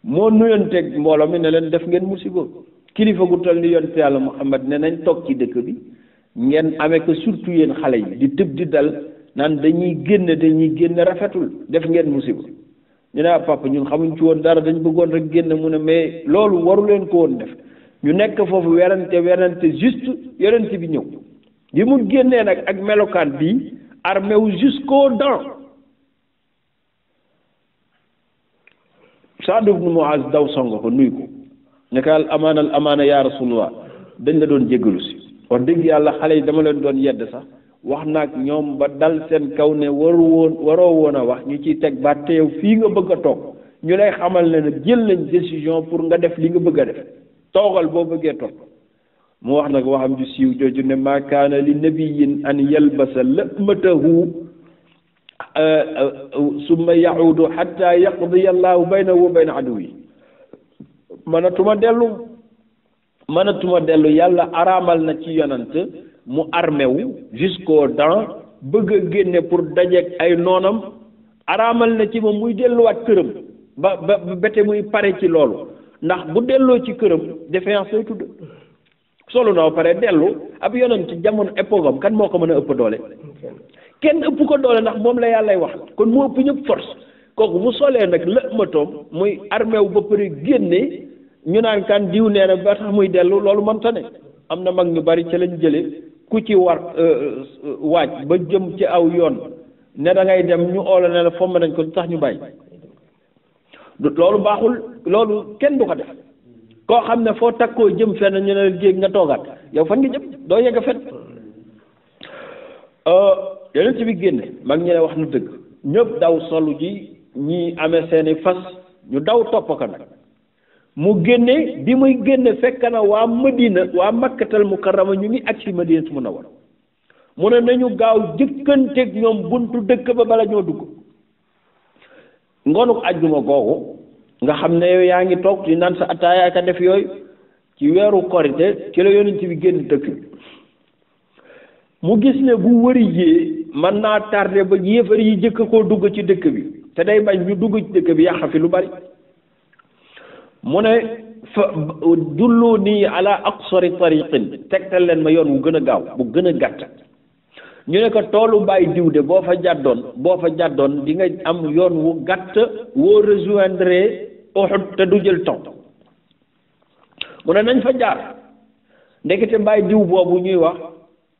moo nuyanteeg mbooloo mi ne leen def ngeen musiba kilifa gu toll ni yonte yàlla Muhammad ne nañ toog ci dëkk bi ngeen amee ko surtout yéen xale yi di tëb di dal naan dañuy génn dañuy génn rafetul def ngeen musiba ñu ne ah papa ñun xamuñ ci woon dara dañ bëggoon rek génn mu ne mais loolu waru leen ko woon def ñu nekk foofu werante werante juste yonent bi ñëw li mu génnee nag ak melokaan bi armé wu jusqu'aux dents Saad ibn Muaz daw songo ko nuyu ko ne ko al amaana al amaana yaa rasulullah dañ la doon jéggalu si wax dëgg yàlla xale yi dama leen doon yedd sax wax naag ñoom ba dal seen kaw ne waru woon waroo woon a wax ñu ci teg baat te fii nga bëgg a toog ñu lay xamal ne nag jël nañ décision pour nga def li nga bëgg a def toogal boo bëggee toog mu wax nag waxam ju siiw jooju ne maa kaana li nabiyin an yalbasa lëmatahu euh, euh, summa yahudu xatta yaqdiya allahu baynahu na bayna aduwi mënatuma dellu mënatuma dellu yàlla araamal na ci yonant mu armé wu jusqu'aux dents bëgg a génne pour dajeeg ay noonam araamal na ci moom muy delluwaat këram ba ba bete muy pare ci loolu ndax bu delloo ci këram défiance lay tudd solu na pare dellu ab yonant jamono époque kan moo ko mën a ëpp doole kenn ëpp ko doole ndax moom la yàllay wax kon mu ëpp ñëpp force kooku bu solee nag lëmatoom muy armé wu ba pare génne ñu naan kan diw nee na ba tax muy dellu loolu mënta ne am na mag ñu bari ci lañu jële ku ci war euh, euh, waaj ba jëm ci aw yoon ne da ngay dem ñu oola ne la fomm nañ ko tax ñu bàyyi loolu baaxul loolu kenn du ko def koo xam ne foo takkoo jëm fenn ñu ne la nga toogaat yow fan nga jëm doo yegg a fenn euh, yonent bi génne mag ñi ne wax na dëgg ñëpp daw solu ji ñi amee seeni fas ñu daw topp ko nag mu génne bi muy génn fekk na waa Madina waa Makkatal Mukarrama ñu ngi agsi Madinatu Munawwara mu ne nañu gaaw jëkkanteeg ñoom buntu dëkk ba bala ñoo dugg ngoonu ajjuma googu nga xam ne yaa ngi toog di naan sa ataaya def yooyu ci weeru korite ci la yonent bi génn dëkk bi mu gis ne bu wëri jee mën naa tardé ba yéefar yi jëkk koo dugg ci dëkk bi te day bañ ñu dugg ci bi yàq fi lu bari mu ne fa dullu nii ala aqsari tariqin tegtal leen ma yoon wu gën a gaaw bu gën a gàtt ñu ne ko toolu bàyyi diw de boo fa jàddoon boo fa jàddoon di nga am yoon wu gàtt woo rejoindre Uhud te du jël taw mu ne nañ fa jaar ndekete bàyyi diw boobu ñuy wax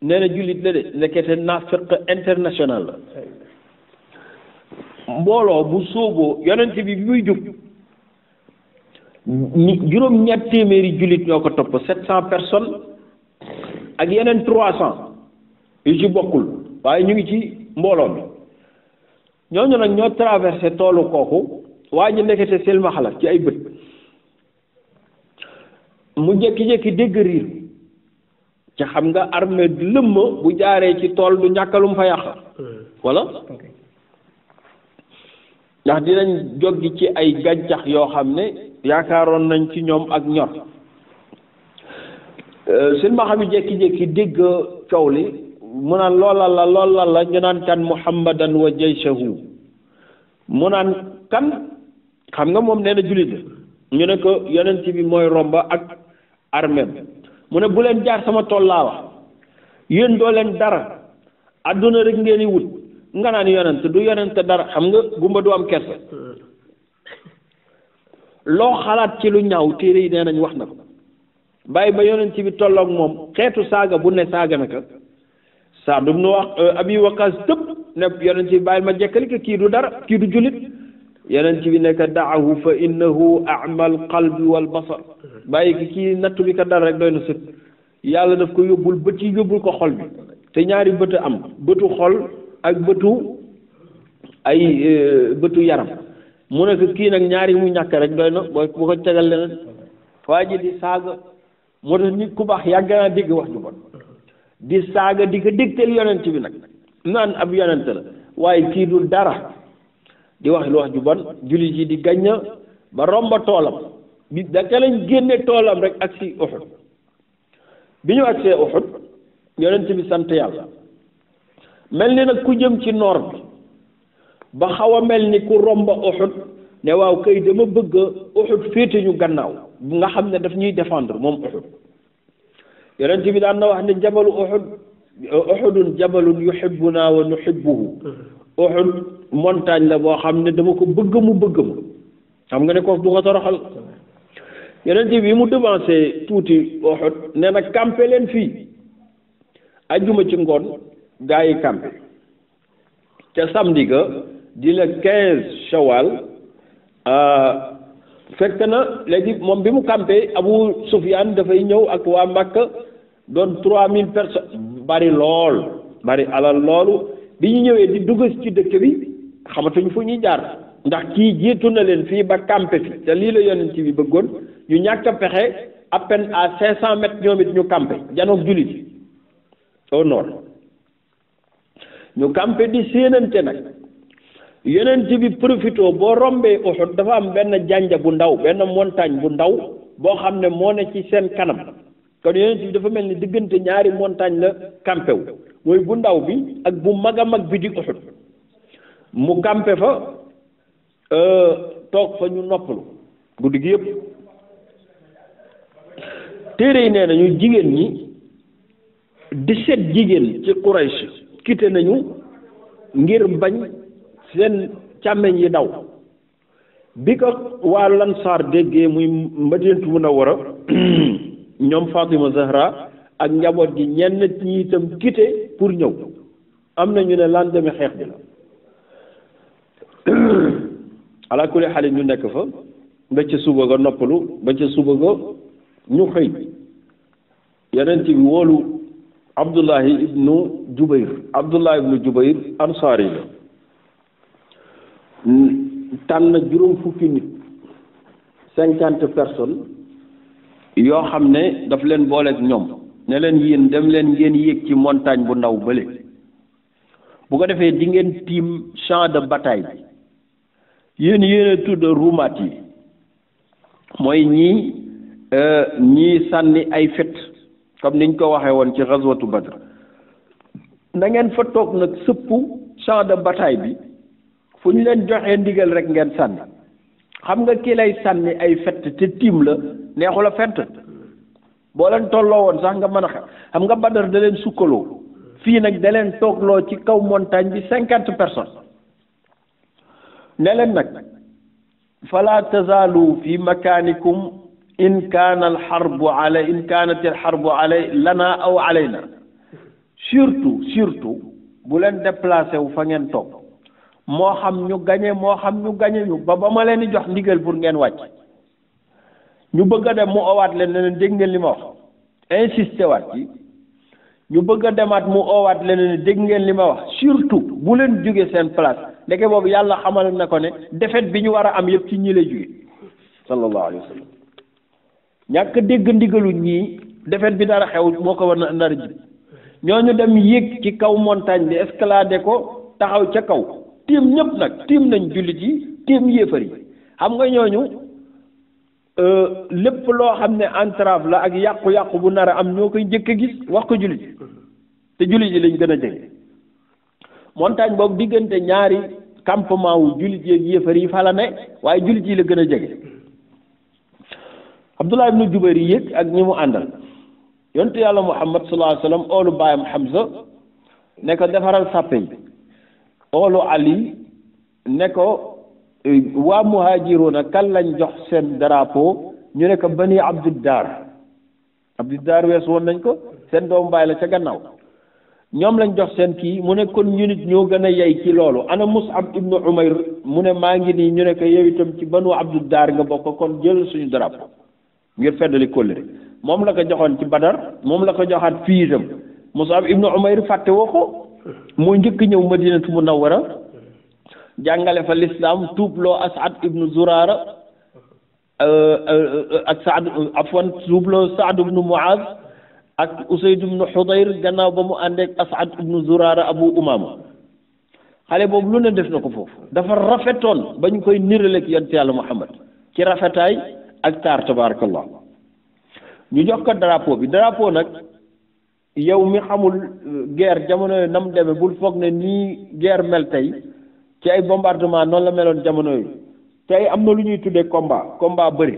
nee na jullit la de ndekete nafiq international la mbooloo bu sóoboo yeneen bi bi muy jub juróom ñett téeméeri jullit ñoo ko topp sept cent personnes ak yeneen trois cent yu ci bokkul waaye ñu ngi ci mbooloo bi ñooñu nag ñoo traversé toolu kooku waa ñu nekkete silmaxa la ci ay bët mu jékki-jékki dégg riir ci xam nga armée lëmm bu jaaree ci tool du ñàkkalum fa yàq hmm. wala ndax dinañ joggi ci ay gàncax yoo xam ne yaakaaroon nañ ci ñoom ak ñor euh, sin ma xam jékki-jékki dégg coow li munaan naan la loola la ñu naan kan muhammadan wa jayshahu mu naan kan xam nga moom nee na jullit la ñu ne ko yonent bi mooy romb ak armeem mu ne bu leen jaar sama tool laa wax yéen doo leen dara adduna rek ngeen di wut nga naan yonent du yonent dara xam nga gumba du am kersa loo xalaat ci lu ñaaw téere yi nee nañ wax na ko bàyyi ba yonent bi tollook moom xeetu saaga bu ne saaga na ka saa dum nu wax euh, abi waqas tëb ne yonent bi bàyyi ma jekkali kii du dara kii du jullit yonent bi ne ka daahu fa innahu amal qalbi wal bàyyi ki kii nattu bi ka dara rek doy na sët yàlla daf ko yóbbul bët yi yóbbul ko xol bi te ñaari bët am bëtu xol ak bëtu ay e, bëtu yaram mu nekk kii nag ñaari mu ñàkk rek doy na booy bu ko tegal leneen waa ji di saaga moo tax nit ku baax yàgg naa dégg wax ju bon di saaga di ko dégtal yonent bi nag naan ab yonent la waaye kii dul dara di wax lu wax ju bon jullit yi di gañña ba romba toolam bi da lañ génne toolam rek ak si Uhud bi ñu agsee Uhud yonent bi sant yàlla mel ni nag ku jëm ci noor bi ba xaw a mel ni ku romba Uhud ne waaw kay dama bëgg Uhud féete ñu gannaaw bu nga xam ne daf ñuy défendre moom Uhud yonent bi daan na wax ne jabalu Uhud Uhudun jabalun yuhibbuna la boo xam ne dama ko bëgg mu bëgg nga ne ko du ko toroxal mu devancé tuuti Uhud nee leen fii ajjuma ci ngoon gaa yi campé ca samedi ga di la quinze shawal euh, fekk na léegi moom bi mu campé Abu Sufyaan dafay ñëw ak waa Makka doon trois mille personnes bari lool bari alal loolu bi ñu ñëwee di dugg ci dëkk bi xamatuñ fu ñuy jaar ndax kii jiitu na leen fii ba campé fi te lii la yonent bi bëggoon ñu ñàkk pexe à peine à cinq cent mètres ñoom it ñu campé janoog jullit au noonu ñu campé di séenante nag yonent bi profité boo rombee Uhud dafa am benn jànja bu ndaw benn montagne bu ndaw boo xam ne moo ne ci seen kanam kon yonent bi dafa mel ni diggante ñaari montagne la campé wu bu ndaw bi ak bu mag a mag bi di Uhud mu campé fa euh, toog fa ñu noppalu guddi gi yëpp téere yi nee nañu jigéen ñi di sept jigéen ci Quraysh quitté nañu ngir bañ seen càmmeñ yi daw bi ko waa Lansaar déggee muy Madinatu Munawwara ñoom Fatima Zahra ak njaboot gi ñenn ñi itam quitté pour ñëw am na ñu ne lan demee xeex bi la ala kulli ñu nekk fa ba ca suba ga noppalu ba ca suba nga ñu xëy yeneen ci woolu abdullahi ibnu jubayr abdullahi ibnu jubayr ansaari la tànn juróom fukki nit cinquante personnes yoo xam ne daf leen booleeg ñoom ne leen yéen dem leen ngeen yéeg ci montagne bu ndaw bële bu ko defee di tiim champ de bataille bi tudd rumaat yi mooy ñii euh, ñii sànni ay fet comme niñ ko waxee woon ci xaswatu badr na ngeen fa toog nag sëppu champ de bataille bi fu ñu leen joxee ndigal rek ngeen sànni xam nga kii lay sànni ay fett te tiim la neexul a fett boo leen tolloo woon sax nga mën a xam nga badar daleen sukkaloo fii nag da leen loo ci kaw montagne bi cinquante personnes ne leen nag fala tazaalu fi in kaana al xarbu alay in kaanat al xarbu alay lana aw alayna surtout surtout bu leen déplacé wu fa ngeen toog moo xam ñu gañe moo xam ñu gañe ñu ba ba ma leen di jox ndigal pour ngeen wàcc ñu bëgg a dem mu owaat leen ne leen dégg ngeen li ma wax ñu bëgg a demaat mu owaat leen dégg ngeen li ma wax surtout bu leen jógee seen place ndeke boobu yàlla xamal na ko ne defet bi ñu war a am yëpp ci ñi lay jóge sallallahu alayhi wa ñàkk dégg ndigalu ñii defet bi dara xew moo ko war na ndara jib ñooñu dem yéeg ci kaw montagne bi escalader ko taxaw ca kaw tiim ñëpp nag tiim nañ jullit yi tiim yéefar yi xam nga ñooñu euh, lépp loo xam ne entrave la ak yàqu-yàqu bu nara am ñoo koy njëkk a gis wax ko jullit yi te jullit yi lañ gën a jege montagne boobu diggante ñaari campement wu jullit yi ak yéefar yi fa ne waaye jullit yi la gën a jege Abdullah ibnu Jubayr yi yëg ak ñi mu àndal yontu yàlla Muhammad sallallahu alayhi wa sallam oolu baayam Hamza ne ko defaral sàppe yi oolu Ali ne ko eh, waa muhaajiruuna kan lañu jox seen daraapo ñu ne ko daar Abduddaar daar wees woon nañ ko seen doomu baay la ca gannaaw ñoom lañ jox seen kii mu ne kon ñu nit ñoo gën a yey ci loolu ana Mus'ab ibnu Umayr mu ne maa ngi nii ñu nekk ko itam ci banu Abduddaar nga bokk kon jël suñu drapeau ngir feddali kóllëre moom la ko joxoon ci Badar moom la ko joxaat fii itam Musab ibnu Umayr fàtte woo ko moo njëkk ñëw mu Munawwara jàngale fa lislaam tuubloo ak Saad ibnu Zuraara euh, ak Saad afwan tuubloo Saad ibnu Muaz ak Usayd ibnu Xudayr gannaaw ba mu àndeek Asad ibnu Zuraara Abu Umaama xale boobu lu ne def na ko foofu dafa rafetoon ba ñu koy niraleeg yonent Yàlla Muhammad ci rafetaay ak taar tabarakallah ñu jox ko drapeau bi drapeau nag yow mi xamul euh, guerre jamono yooyu nam demee bul foog ne nii guerre mel tey ci ay bombardement noonu la meloon jamono te tey am na lu ñuy tuddee komba komba bëri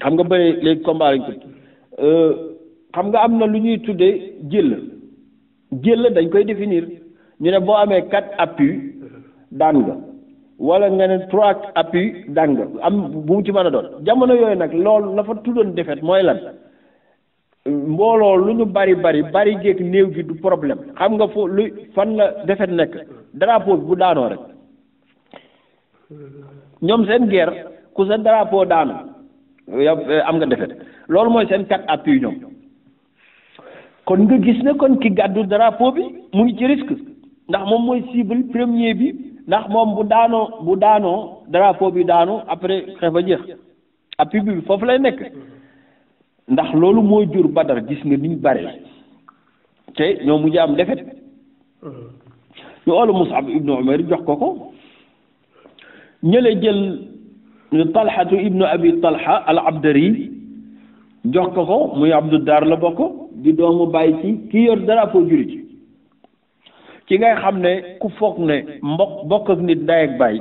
xam nga bëri léegi combat lañ ko euh, xam nga am na lu ñuy tuddee jël jël dañ koy définir ñu ne boo amee quatre appui daan nga wala nga ne trois appui dàng am bu mu ci mën a doon jamono yooyu nag loolu la fa tuddoon defet mooy lan mbooloo lu ñu bari bari bari géeg néew gi du problème xam nga fo lu fan la defet nekk drapeau bi bu daanoo rek ñoom seen guerre ku sa drapeau daanu yow eh, am nga defet loolu mooy seen quatre appui ñoom kon nga gis ne kon ki gàddu drapeau bi mu ngi ci risque ndax moom mooy cible premier bi ndax moom bu daanoo bu daanoo drapeau bi daanu après xeex ba jeex appui bi foofu lay nekk ndax loolu mooy jur badar gis nga niñ bare te ñoo mujj am defet ñu oolu Mus'ab ibnu Umayr jox ko ko ñële jël talxatu ibnu abi talxa al abdari jox ko ko muy abdu dar la bokk di doomu bàyyi ci ki yor drapeau jurit ki ngay xam ne ku foog ne mbokk bokk ak nit nday ak baay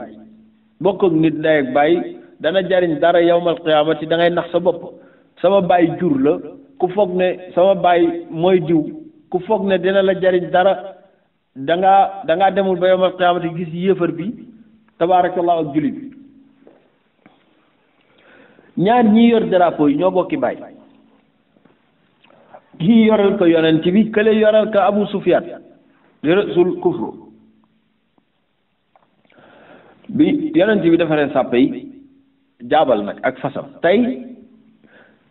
bokk ak nit nday ak baay dana jariñ dara yawmal qiyaamati da ngay nax sa bopp sama baay jur la ku foog ne sama baay mooy diw ku foog ne dina la jariñ dara danga ngaa demul ba yawmal qiyaamati gis yéefar bi tabaarakallah ak jullit bi ñaar ñi yor drapeau yi ñoo bokki baay kii yoral ko yonent bi kële yoral ko Abu Sufyaan rasul kufru bi yonent bi leen sàppe yi jaabal nag ak fasam tey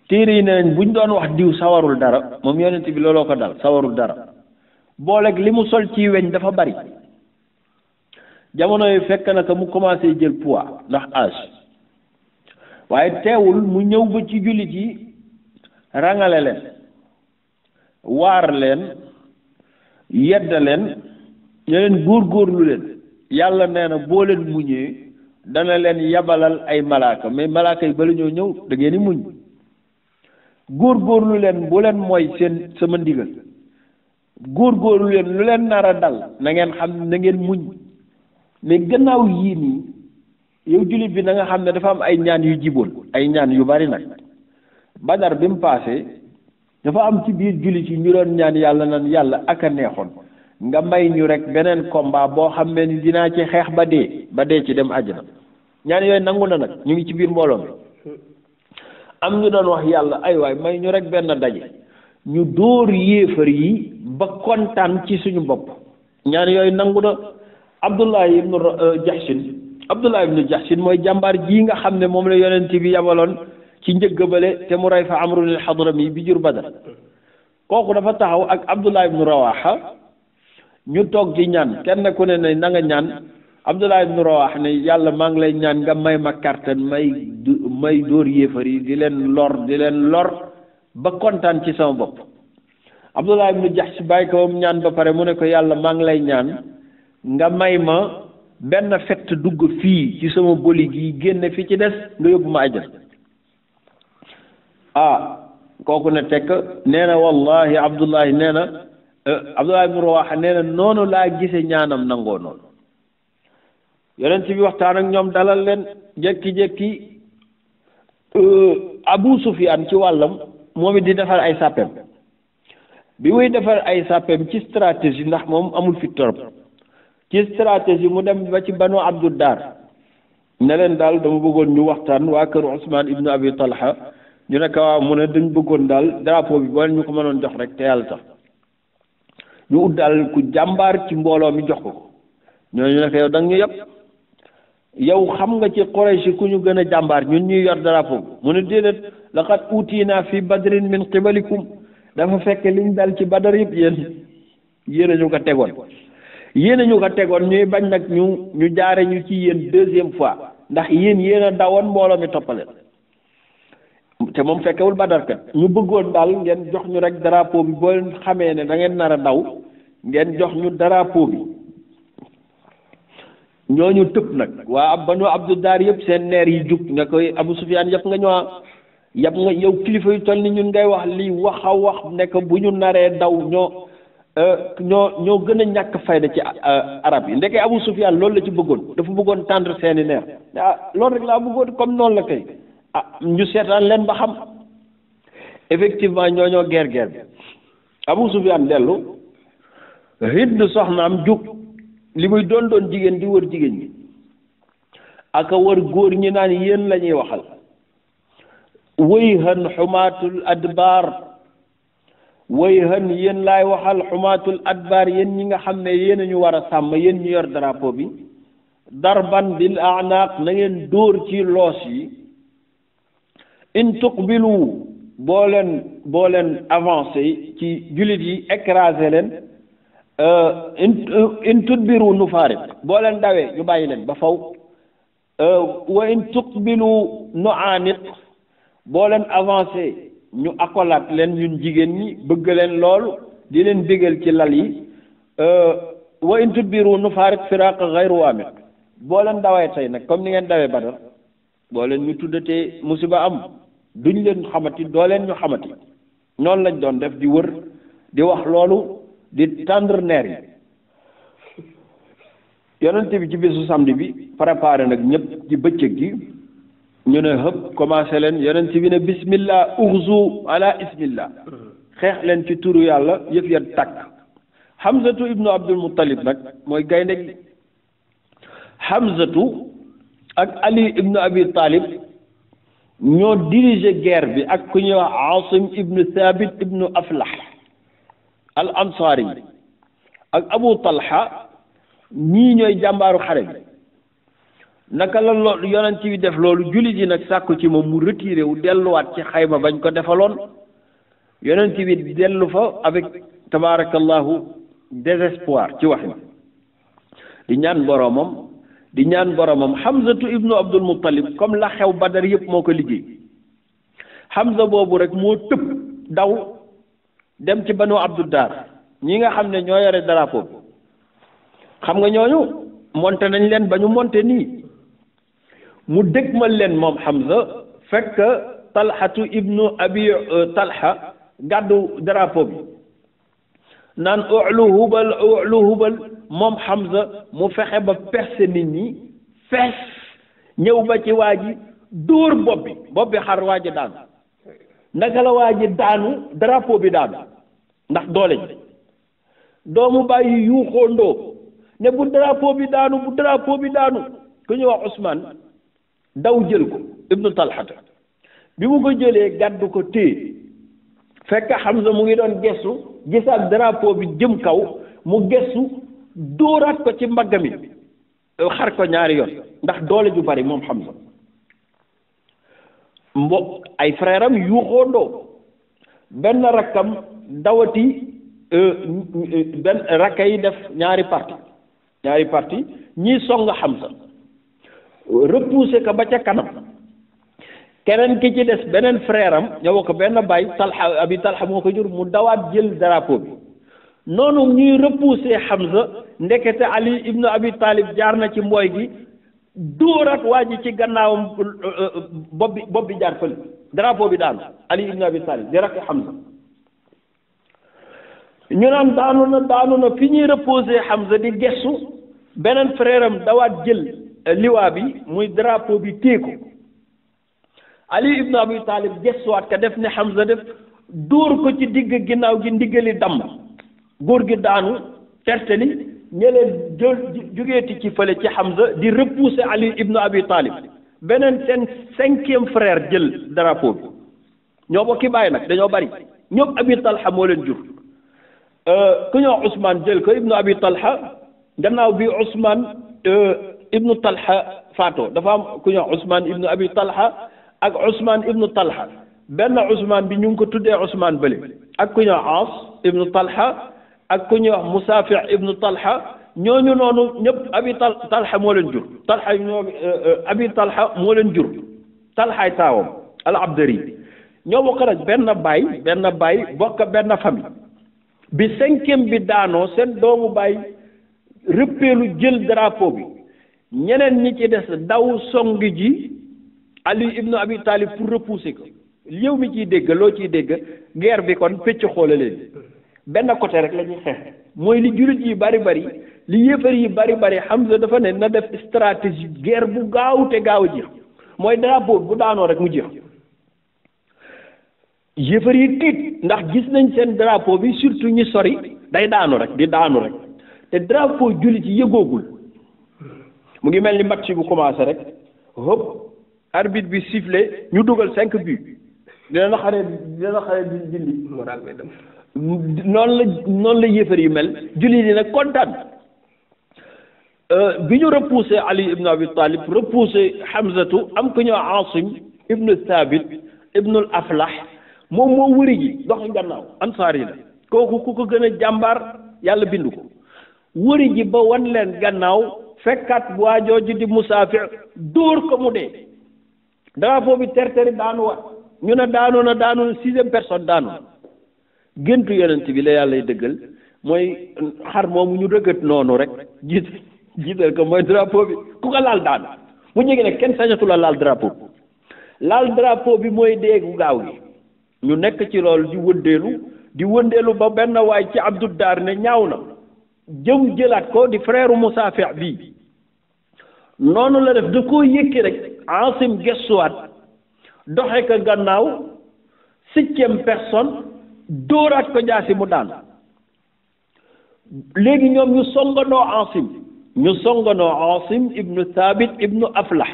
téere yi ne buñ doon wax diw sawarul dara moom yonent bi looloo ko dal sawarul dara booleeg li mu sol ci weñ dafa bari jamono yi fekk na ko mu commencé jël poids ndax âge waaye teewul mu ñëw ba ci jullit yi rangale leen waar leen yedda leen ne leen góorgóorlu leen yàlla nee na boo leen muñee dana leen yabalal ay malaaka mais malaaka yi bala ñoo ñëw da ngeen di muñ góorgóorlu leen bu leen mooy seen sama ndigal góorgóorlu leen lu leen nara dal na ngeen xam na ngeen muñ mais gannaaw yii nii yow jullit bi na nga xam ne dafa am ay ñaan yu jiboon ay ñaan yu bari nag badar bi mu paase dafa am ci biir julli yi ñu doon ñaan yàlla na yàlla ak a neexoon nga may ñu rek beneen combat boo xam ne ni dinaa ci xeex ba dee ba dee ci dem àjjana ñaan yooyu nangu na nag ñu ngi ci biir mbooloo mi am ñu doon wax yàlla ay waay may ñu rek benn daje ñu dóor yéefar yi ba kontaan ci suñu bopp ñaan yooyu nangu na Abdullah ibnu euh, Jahshin Abdullah nu Jahshin mooy jàmbaar ji nga xam ne moom la yonent bi yabaloon ci njëggabale te mu rey fa amrun al hadrami bi jur badar kooku dafa taxaw ak abdullah ibnu rawaha ñu toog di ñaan kenn ku ne nanga na nga ñaan abdullah ibnu rawaha ne yàlla maa ngi lay ñaan nga may ma kartan may may dóor yéefar yi di di leen lor ba kontaan ci sama bopp abdullah ibnu jahsh bàyyi ko ñaan ba pare mu ne ko yàlla maa ngi lay ñaan nga may ma benn fett dugg fii ci sama boli gi génne fi ci des nga yóbbu ma ajal ah kooku ne tekk nee na wallahi abdullahi nee na eh, abdullahi ibnu rawaxa nee na noonu laa gise ñaanam nangoo noonu yonent bi waxtaan ak ñoom dalal leen jékki-jékki eh, abu sufyaan ci wàllam moom it di defar ay sàppem bi muy defar ay sàppem ci stratégie ndax moom amul fi torop ci stratégie mu dem ba ci banu abdul daar ne leen daal dama bëggoon ñu waxtaan waa kër Ousmane ibnu abi talha ñu ne ko waaw mu ne dañ bëggoon daal drapeau bi boo ñu ko mënoon jox rek te yàlla tax ñu ut daal ku jàmbaar ci mbooloo mi jox ko ñooñu ne ko yow da nga ñu yëpp yow xam nga ci Quraysh ku ñu gën a jàmbaar ñu ñuy yor drapeau bi mu ne déedéet laqad utiinaa fi badrin min qibalikum dafa fekk liñ dal ci badar yëpp yéen yéen a ñu ko tegoon yéen a ñu ko tegoon ñuy bañ nag ñu ñu jaare ñu ci yéen deuxième fois ndax yéen yéen a dawoon mbooloo mi toppale te moom fekkewul badar ñu bëggoon daal ngeen jox ñu rek drapeau bi booy xamee ne dangeen ngeen a daw ngeen jox ñu drapeau bi ñooñu tëb nag waa banu abdu daar yëpp seen neer yi jug nga koy abu sufyaan yëpp nga ñëwaa yëpp nga yow kilifa yu toll ni ñun ngay wax lii wax a wax ne bu ñu naree daw euh, ñoo ñoo gën a ñàkk fayda ci euh, arab yi ndeke abu sufyaan loolu la ci bëggoon dafa bëggoon tendre seeni neer ah loolu rek laa bëggoon comme noonu la kay ah ñu seetaan leen ba xam effectivement ñooñoo geer geer bi amul Sufyaan dellu Hind soxnaam jug li muy doon doon jigéen di wër jigéen ñi ak a wër góor ñi naan yéen la ñuy waxal wayhan xumaatul adbaar wayhan yéen laay waxal xumaatul adbaar yéen ñi nga xam ne yéen a ñu war a sàmm yéen ñu yor drapo bi darban bil anaaq na dóor ci loos yi in tuqbilu boo leen boo leen avancé ci jullit yi écrasé leen euh, in euh, in tudbiru nu faarib boo leen dawee ñu bàyyi leen ba faw euh, wa in tuqbilu nu aanit boo leen avancé ñu akolaat leen ñun jigéen ñi bëgg leen loolu di leen bégal ci lal yi wa in tudbiru nu faarib firaaq xayru amit boo leen dawee tey nag comme ni ngeen dawee badar boo ñu tuddatee musiba am duñ leen xamati doo leen ñu xamati noonu lañ doon def di wër di wax loolu di tendre neer yi yonente bi ci bisu samedi bi préparé nag ñëpp di bëccëg gi ñu ne hëpp commencé leen yonente bi ne bismillah urzu ala ismillah xeex leen ci turu yàlla yëf ya tàkk hamzatu ibnu abdul muttalib nag mooy gaynde gi hamzatu ak ali ibnu abi talib ñoo diriger guerre bi ak ku ñuy wax Asim ibnu Thabit ibnu Aflah al ansari ak Abu Talha ñii ñooy jàmbaaru xare bi naka la loolu yonent bi def loolu jullit yi nag sàkku ci moom mu retiré wu delluwaat ci xayma bañ ko defaloon yonent bi dellu fa avec tabaarakallahu désespoir ci waxin di ñaan boroomam di ñaan boromam Hamzatu ibnu Abdul Muttalib comme la xew Badar yëpp moo ko liggéey Hamza boobu rek moo tëb daw dem ci banu Abdou Dar ñi nga xam ne ñoo yore drapeau bi xam nga ñooñu monté nañ leen ba ñu monté nii mu ma leen moom Hamza fekk Talhatu ibnu Abi euh, Talha gàddu drapeau bi naan ulu hubal ulu hubal moom Hamza mu fexe ba perse nit ñi fees ñëw ba ci waaj ji dóor bopp bi bopp xar waa ji daanu naka la waa daanu drapeau bi daanu ndax doole ji doomu bàyyi yuuxoondoo ne bu drapeau bi daanu bu drapeau bi daanu ku ñuy wax Ousmane daw jël ko ibnu talxata bi mu ko jëlee gàddu ko téye fekk Hamza mu ngi doon gestu gisaat drapeau bi jëm kaw mu gestu dóoraat ko ci mbagg mi xar ko ñaari yoon ndax doole ju bari moom Hamza mbo ay frère am yuuxoondoo benn rakkam dawati euh, benn rakka yi def ñaari parti ñaari parti ñii song Hamza repoussé ko ba ca kanam keneen ki ci des beneen frère am ko benn baay Talha abi Talha moo ko jur mu dawaat jël drapeau bi noonu ñuy repousser Hamza ndekete Ali ibnu Abi Talib jaar na ci mbooy gi dóoraat waa ji ci gannaawam euh, bopp bi bopp bi jaar fële drapeau bi daan Ali ibnu Abi Talib di rakk Hamza ñu naan daanu na daanu na fi ñuy reposer Hamza di gestu beneen frère am dawaat jël euh, liwaa bi muy drapeau bi téeku Ali ibnu Abi Talib gestuwaat ka def ne Hamza def dóor ko ci digg ginnaaw gi ndiggali damm góor gi daanu tertali ñe leen ci fële ci Hamza di repousser Ali ibnu Abi Talib beneen seen cinquième frère jël drapeau bi ñoo bokki bàyyi nag dañoo bari ñoom Abi Talha moo leen jur euh, ku ñoo Ousmane jël ko ibnu Abi gannaaw bi Ousmane euh, ibnu Talha faatoo dafa am ku ñoo Ousmane ibnu Abi Talha ak Ousmane ibnu benn Ousmane bi ñu ngi ko tuddee Ousmane bële ak ku ñoo Aas ibnu Talha ak ku ñuy wax Musaafi ibnu Talha ñooñu noonu ñëpp abi tal moo leen jur Talha ñoo euh, moo leen jur Talhaay taawam al Abdari ñoo bokk nag benn baay benn baay bokk benn famille bi cinquième bi daanoo seen doomu baay rëppeelu jël drapeau bi ñeneen ñi ci des daw song ji Ali ibnu Abi Talib pour repousser ko yow mi ciy dégg loo ciy dégg guerre bi kon pëcc xoole leen benn côté rek la ñuy xeex mooy li jullit yi bari bari li yéefar yi bari bari Hamza dafa ne na def stratégie guerre bu gaaw te gaaw a jeex mooy drapeau bu daanoo rek mu jeex yéefar yi tiit ndax gis nañ seen drapeau bi surtout ñu sori day daanu rek di daanu rek te drapeau jullit yi yëgoogul mu ngi mel ni match bu commencé rek hop arbitre bi sifflé ñu dugal cinq buts dina na xare dina na xare bi jindi moral bi dem noon la noon la yéefar yi mel jullit yi nag kontaan euh, bi ñu repoussé Ali ibn Abi Talib Hamzatu am ko ñëw Asim ibnu Thabit ibnul Aflah moom moo wëri ji dox gannaaw ansaar yi la kooku ku ko gën a jàmbaar yàlla bind ko wëri ji ba wan leen gannaaw fekkaat waajooju di musaafi dóor ko mu dee drapeau bi terteri daanu wat ñu ne daanu na daanu na sixième personne daanu géntu yonent bi la yàllay dëggal mooy xar moomu ñu rëgët noonu rek jiit jiital ko mooy drapeau bi ku ko laal daan bu ñu ne kenn sañatu la laal drapeau laal drapeau bi mooy déegu gaaw gi ñu nekk ci lool di wëndeelu di wëndeelu ba benn waay ci Abdou Dar ne ñaaw na jëm jëlaat ko di frère Moussa Fex bii noonu la def da koo yëkki rek Asim gestuwaat doxe ko gannaaw septième personne dóoraat ko jaasi mu daan léegi ñoom ñu songanoo Asim ñu songanoo Asim ibnu Thabit ibnu Aflah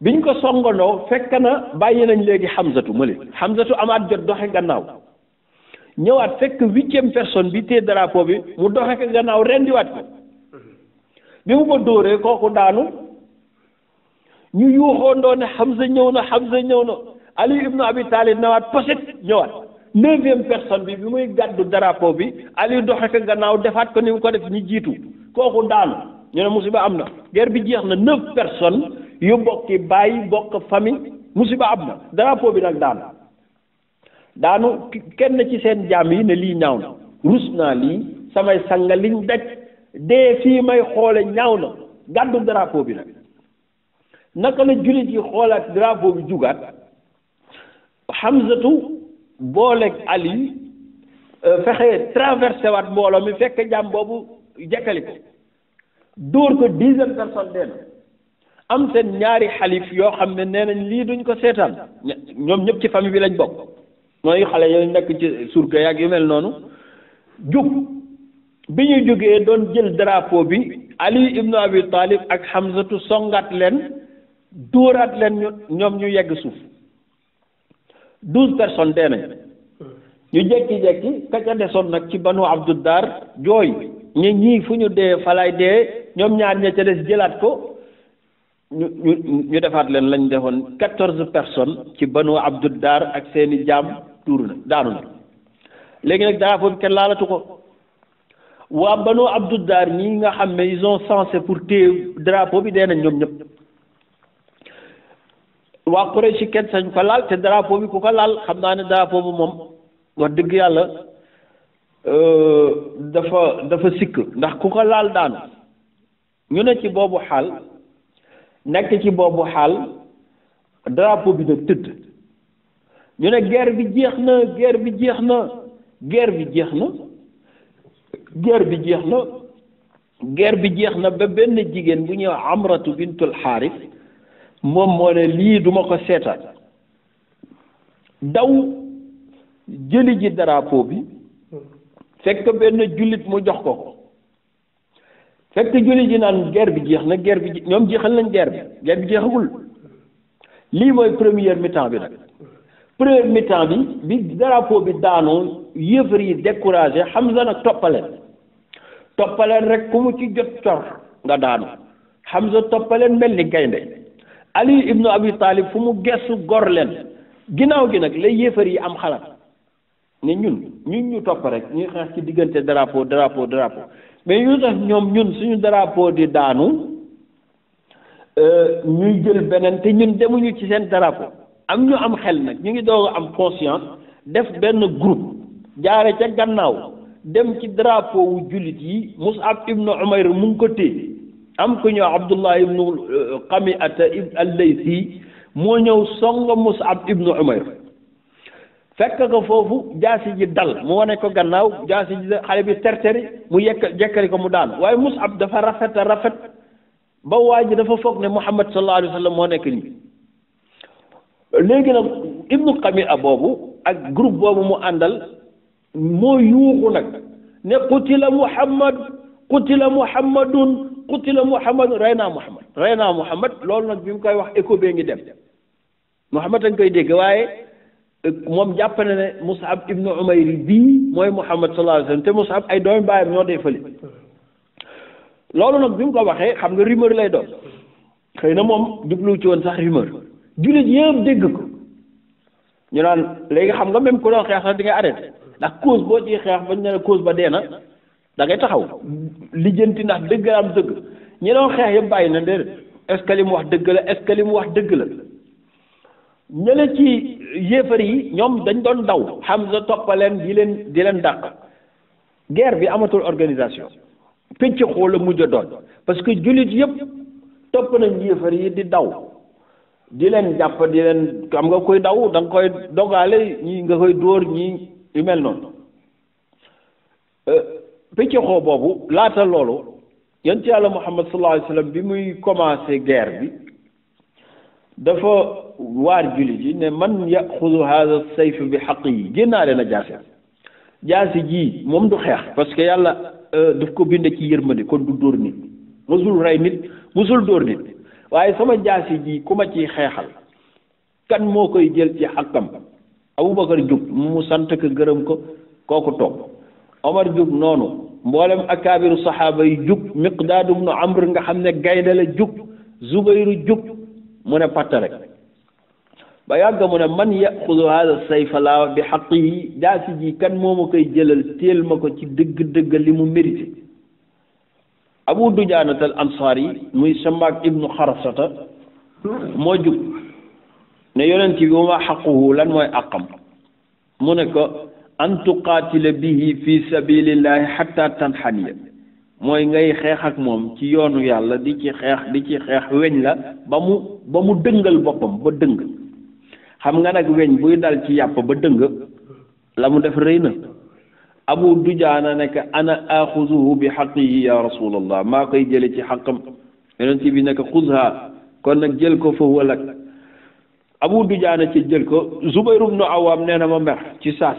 biñ ko songanoo fekk na bàyyi nañ léegi Hamzatu ma leen amaat jot doxe gannaaw ñëwaat fekk huitième personne bi téye drapeau bi mu doxe ko gannaaw rendiwaat ko bi mu ko dóoree kooku daanu ñu yuuxoondoo ne Hamza ñëw na Hamza ñëw na Ali ibnu Abi Talib nawaat posit ñëwaat neuvième personne bi bi muy gàddu drapeau bi Ali doxe ko gannaaw defaat ko ni mu ko def ñu jiitu kooku daanu ñu ne musiba am na guerre bi jeex na neuf personnes yu bokki bàyyi bokk famille musiba am na drapeau bi nag daanu daanu kenn ci seen jaam yi ne lii ñaaw na rus naa lii samay sanga liñ daj dee fii may xoole ñaaw na gàddu drapeau bi nag naka la jullit yi xoolaat drapeau bi jugaat xamsatu booleeg ali euh, fexe traversé waat mbooloo mi fekk jàmm boobu jekkali ko dóor ko dizaine personne dee na am seen ñaari xalif yoo xam ne nee nañ lii duñ ko seetaan ñoom ñëpp ci famille bi lañ bokk mooy xale yooyu nekk ci surga yaag yu mel noonu jug bi ñuy jógee doon jël drapeau bi ali ibnu abi talib ak xamsatu songaat leen dóoraat leen ñoom ñu yegg suuf douze personnes dee nañ ñu jekki-jekki ka ca nag ci banu abdudar jooy ñi ñii fu ñu dee falaay dee ñoom ñaar ña ca des jëlaat ko ñu ñu ñu defaat leen lañ defoon quatorze personnes ci banu daar ak seeni jaam tuuru na daanu na léegi nag drapeau bi kenn laalatu ko waa banu daar ñi nga xam ne ils ont pour téye drapeau bi dee nañ ñoom ñëpp waa Quraysh si kenn sañ ko laal te drapeau bi ku ko laal xam naa ne drapeau bi moom wax dëgg yàlla euh, dafa dafa sikk ndax ku ko laal daanu ñu ne ci boobu xaal nekk ci boobu xaal drapeau bi nag tëdd ñu ne guerre bi jeex na ger bi jeex na ger bi jeex na guerre bi jeex na guerre bi jeex na ba benn jigéen bu ñëw amratu bintul xaaris moom moo ne lii duma ko seetaan daw jëli ji daraapo bi fekk benn jullit mu jox ko ko fekk jullit ji naan guerre bi jeex na guerre bi ñoom jeexal nañ ger bi guerre bi jeexagul lii mooy première mi bi nag première mi bi bi drapeau bi daanoo yëfër yi découragé Hamza nag toppaleen toppaleen rek ku mu ci jot cor nga daanu Hamza toppaleen mel ni gaynde ali ibnu abi taalib fu mu gestu gor leen ginnaaw gi nag lay yéefar yi am xalaat ne ñun ñun ñu topp rek ñuy xeex ci diggante drapeau drapeau drapeau mais yu tax ñoom ñun suñu drapeau di daanu euh, ñuy jël beneen te ñun demuñu ci seen drapeau am ñu am xel nag ñu ngi doog am conscience def benn groupe jaare ca gannaaw dem ci drapeau wu jullit yi Mus'ab ibnu Umayr mu ngi ko téye am ko ñëw abdullah ibnu euh, qamiata allaysi moo ñëw songo musab ibnu umayr fekk ko foofu jaasi ji dal mu wane ko gannaaw jaasi ji xale bi terteri mu yekk ko mu daan waaye musab dafa rafet a rafet ba waa ji dafa foog ne mu sallallahu alayhi moo nekk nii léegi nag ibnu qami'a boobu ak groupe boobu mu àndal moo yuuxu nag ne qutila muhammad qutila muhammadun qutila Muhammad rey naa Muhammad rey naa Muhammad loolu nag bi mu koy wax écho bee ngi dem Muhammad dañ koy dégg waaye euh, moom jàpp na ne Mus'ab ibnu Umayr bii mooy Muhammad sallallahu alayhi wa sallam te Mus'ab ay dee fële loolu nag bi mu ko waxee xam nga rumeur lay doon xëy na moom jublu ci woon sax rumeur jullit yëpp dégg ko ñu naan léegi xam nga même ku doon xeex sax di nga arrêté ndax cause boo ciy xeex bañ ne la cause ba dee na da ngay taxaw lijjanti ndax dëgg la dëgg ñi doon xeex yëpp bàyyi na déedéet est mu wax dëgg la est-ce mu wax dëgg la ñële ci yéefar yi ñoom dañ doon daw Hamza toppaleen di leen di leen dàq guerre bi amatul organisation pénc xool la mujj doon parce que jullit yëpp topp nañ di daw di leen jàpp di xam nga koy daw da nga koy dogaale ñi nga koy dóor ñi yu mel noonu euh, pëccëxoo boobu laata loolu yonent yàlla muhammad sallallahu alayhi wasallam bi muy commencé guerre bi waar jullit yi ne man yaxudu hadha sayf bi xaq yi génnaale a jaase jaasi jii moom du xeex parce que yàlla euh, daf ko bind ci yërmande kon du dóor nit musul rey nit musul dóor nit waaye sama jaasi jii ku ma ciy xeexal kan moo koy jël ci xàqam Abubakar jóg mu sant ko gërëm ko kooku toog Omar jóg noonu mboolem akaabiru saxaaba yi jug miqdaad ibnu amr nga xam ne gaynde la jug zubayru jug mu ne patt ba yàgg mu ne man yaqudu hada sayfa bi xaqihi daasi kan moo koy jëlal téel ma ko ci dëgg dëgg li mu mérité abu dujaanat al ansaar yi muy sambaak ibnu xarasata moo jug ne yonent bi ma xaquhu lan mooy àqam mu ne ko an tuqaatila bihi fi sabilillahi xatta tanxaniya mooy ngay xeex ak moom ci yoonu yàlla di ci xeex di ci xeex weñ la ba mu ba mu dëngal boppam ba dëng xam nga nag weñ buy dal ci yàpp ba dëng la mu def rëy na abu dujaana nekk ana axuzuhu bi xaqihi ya rasulallah maa koy jële ci xaqam yonent bi nekk xuzha kon nag jël ko fa walak abu dujaana ci jël ko zubayr ibnu awaam nee na ma mer ci saas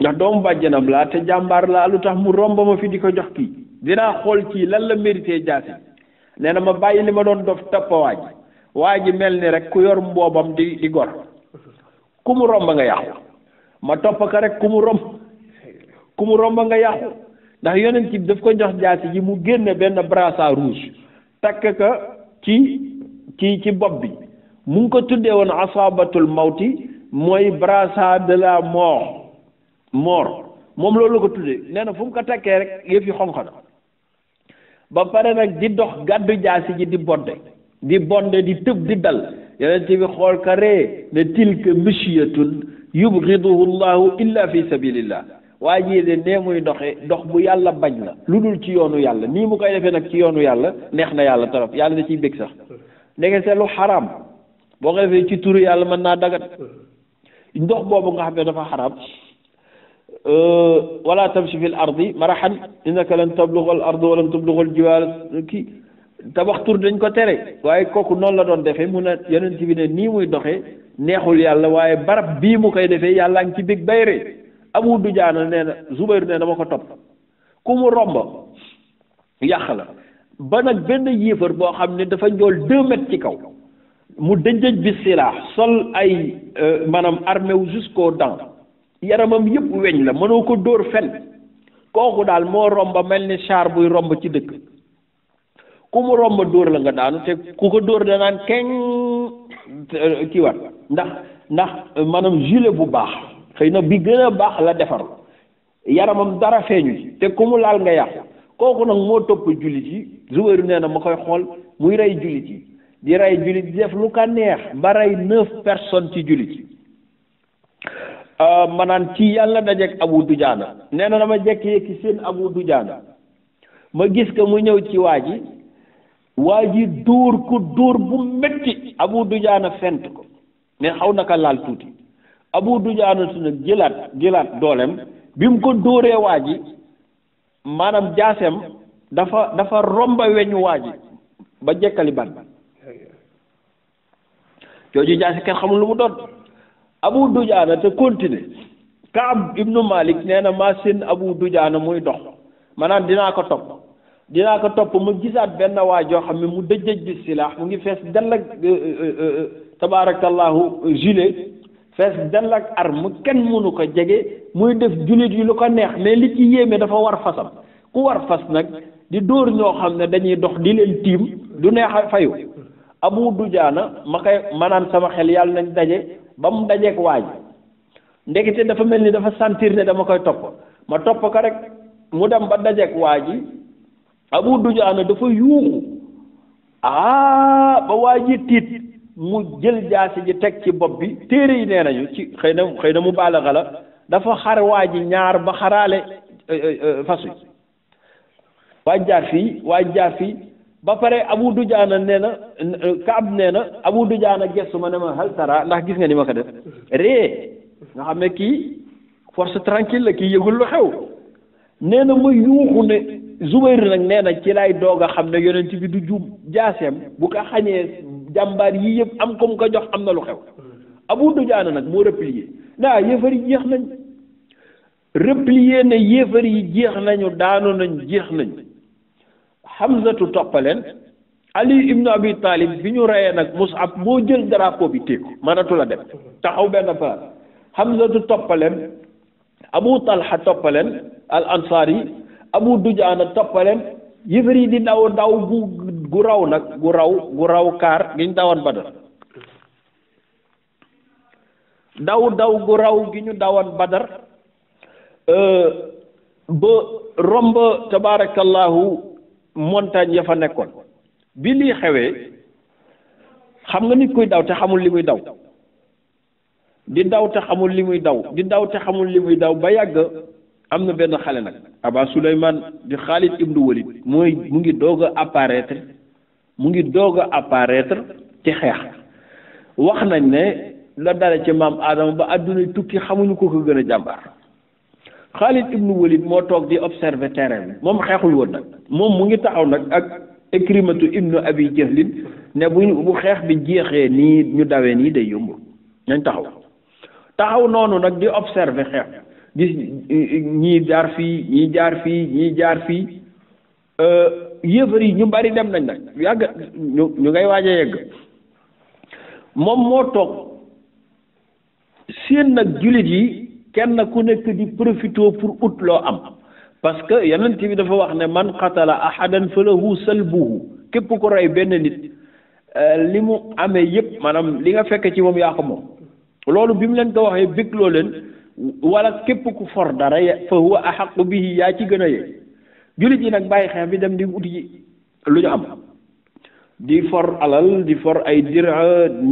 ndax doomu bàjjanam laa te jàmbaar laa lu tax mu romb ma fi di ko jox kii dinaa xool kii lan la mérité jaasi nee na ma bàyyi li ma doon dof tappa waa ji mel ni rek ku yor mboobam di di gor ku mu romb nga yàqu ma topp ko rek ku mu romb ku mu romb nga yàqu ndax yonent bi daf ko jox jaasi ji mu génn benn brassard rouge takk ka ci ci ci bopp bi mu ngi ko tuddee woon asaabatul mawti mooy brassard de la moor moom loolu la ko tuddee nee na fu mu ko takkee rek yëf yi xonq na ba pare nag di dox gàddu jaasi ji di bonde di bonde di tëb di dal yonent bi xool ka ree ne tilka mishyatun yubghiduhu llahu illa fi sabilillah waa jii de nee muy doxee dox bu yàlla bañ la lu dul ci yoonu yàlla nii mu koy defee nag ci yoonu yàlla neex na yàlla trop yàlla da ciy bég sax ndeke c'est lu boo ko defee ci turu yàlla mën naa dagat ndox boobu nga xam ne dafa xaraam wala tamshi fil ardi marahan innaka lan tablugha al ardi wa lan tablugha al jibaal kii tabax tur dañ ko tere waaye kooku noonu la doon defee mun a yonent bi ne nii muy doxee neexul yàlla waaye barab bii mu koy defee yàlla ngi ci big bayre abu dujaana nee na zubayru nee na ko topp ku mu romb yàq la ba nag benn yéefar boo xam ne dafa njool deux mètres ci kaw mu dëjëj bi silaa sol ay euh, maanaam armé wu jusqu'aux dents yaramam yëpp weñ la mënoo ko dóor fen kooku daal moo romba mel ni char buy romb ci dëkk ku mu romb dóor la nga daanu te ku ko dóor danaan keng kii wat ndax ndax maanaam gilet bu baax xëy na bi gën a baax la defar yaramam dara feeñu ci te ku mu laal nga yàq kooku nag moo topp jullit yi Zubayru nee na ma koy xool muy rey jullit yi di rey jullit di def lu ka neex ba rey neuf personnes ci jullit Euh, manaan ci yàlla dajeeg Abu Dujaana nee na dama jékki-jékki seen Abu Dujaana ma gis ka mu ñëw ci waa ji waa ji dóor ko dóor bu métti Abu Dujaana fent ko ne xaw na ko laal tuuti Abu Dujaana su nag jëlaat jëlaat doolem bi mu ko dóoree waa ji maanaam jaasem dafa dafa romba weñu waaj ba jekkali ban jooju jaase kenn xamul lu mu doon abu dujaana te continuer kaab ibnu malik nee na maa seen abu dujaana muy dox maanaam dinaa ko topp dinaa ko topp mu gisaat benn waa joo xam ne mu dëjëj bi silaax mu ngi fees dell ak euh, euh, euh, tabaarakallahu gilet fees dell ak arme kenn mënu ko jege muy def jullit yi lu ko neex mais li ci yéeme dafa war fasam ku war fas nag di dóor ñoo xam ne dañuy dox di leen tiim du neex a fayu abu dujaana ma koy maanaam sama xel yàlla nañ daje ba mu dajeeg waa ji ndekete dafa mel ni dafa sentir ne dama koy topp ma topp ko rek mu dem ba dajeek waa ji abu dujaana dafa yuuxu ah ba waa ji tiit mu jël jaasi ji teg ci bopp bi téere yi nee nañu ci xëy na xëy na mu baalaxa la dafa xar waa ji ñaar ba xaraale euh, euh, euh, fas waaj jaar fii waaj jaar fii ba pare abu dujaana nee na kaab nee na abu du gestu ma ne ma hal tara ndax gis nga ni ma ko def ree nga xam ne kii force tranquille la kii yëgul lu xew nee na ma yuuxu ne Zubayr nag nee na ci lay doog a xam ne yonent bi du juum jaaseem bu ko xañee jàmbaar yii yëpp am comme mu ko jox am na lu xew abu dujaana nag moo replié naa yëfar yi jeex nañ replié ne yëfar yi jeex nañu daanu nañ jeex nañ Hamzatu toppaleen Ali ibnu Abi Talib bi ñu reyee nag Mus'ab moo jël drapeau bi téeku mënatu la dem taxaw benn place Hamzatu toppaleen Abu Talha toppaleen al Ansari Abu Dujaana toppaleen yëfër yi di daw daw gu raw nag gu raw gu raw kaar gi ñu dawan Badar daw daw gu raw gi ñu dawan Badar euh, ba romb tabaarakallahu montagne ya fa nekkoon bi lii xewee xam nga nit kuy daw te xamul li muy daw di daw te xamul li muy daw di daw te xamul li muy daw ba yàgg am na benn xale nag Aba Souleymane di Khalid ibnu Walid mooy mu ngi doog a apparaître mu ngi doog a apparaître ci xeex wax nañ ne la dale ci maam Adama ba àdduna tukki xamuñu ko ko gën a jàmbaar Khalid ibn Walid moo toog di observer terrain bi moom xeexul woon nag moom mu ngi taxaw nag ak Ikrimatu ibnu Abi Jahlin ne bu bu xeex bi jeexee nii ñu dawee nii day yomb ñañ taxaw taxaw noonu nag di observer xeex gis ñii jaar fii ñii jaar fii ñii jaar fii euh, yéefar yi ñu bari dem nañ nag yàgg ñu ñu ngay waaja a moom moo toog seen nag jullit yi kenn ku nekk di profitoo pour ut loo am parce que yonent bi dafa wax ne man qatala ahadan falahu salbuhu képp ko rey benn nit euh, li mu amee yépp maanaam li nga fekk ci moom yaa ko moom loolu bi mu leen ko waxee bégloo leen wala képp ku for dara fa huwa ahaqu bihi yaa ci gën a yee jullit yi nag bàyyi xeex bi dem di uti ji lu ñu am di for alal di for ay dira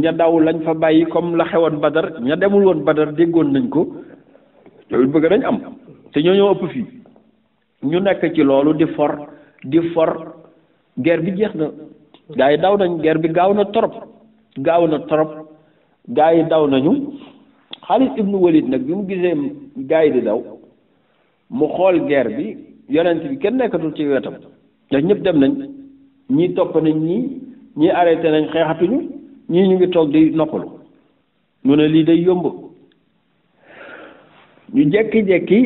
ña daw lañ fa bàyyi comme la xewoon badar ña demul woon badar déggoon nañ ko loolu bëgg dañ am te ñoo ñoo ëpp fii ñu nekk ci loolu di for di for guerre bi jeex na gars yi daw nañ geer bi gaaw na trop gaaw na trop gaa yi daw nañu Xaalid ibnu Walid nag bi mu gisee gaa yi di daw mu xool guerre bi yonent bi kenn nekkatul ci wetam ndax ñëpp dem nañ ñii topp nañ ñi ñii arrêté nañ xeexatuñu ñii ñu ngi toog di noppalu mu ne lii day yomb ñu jekki-jekki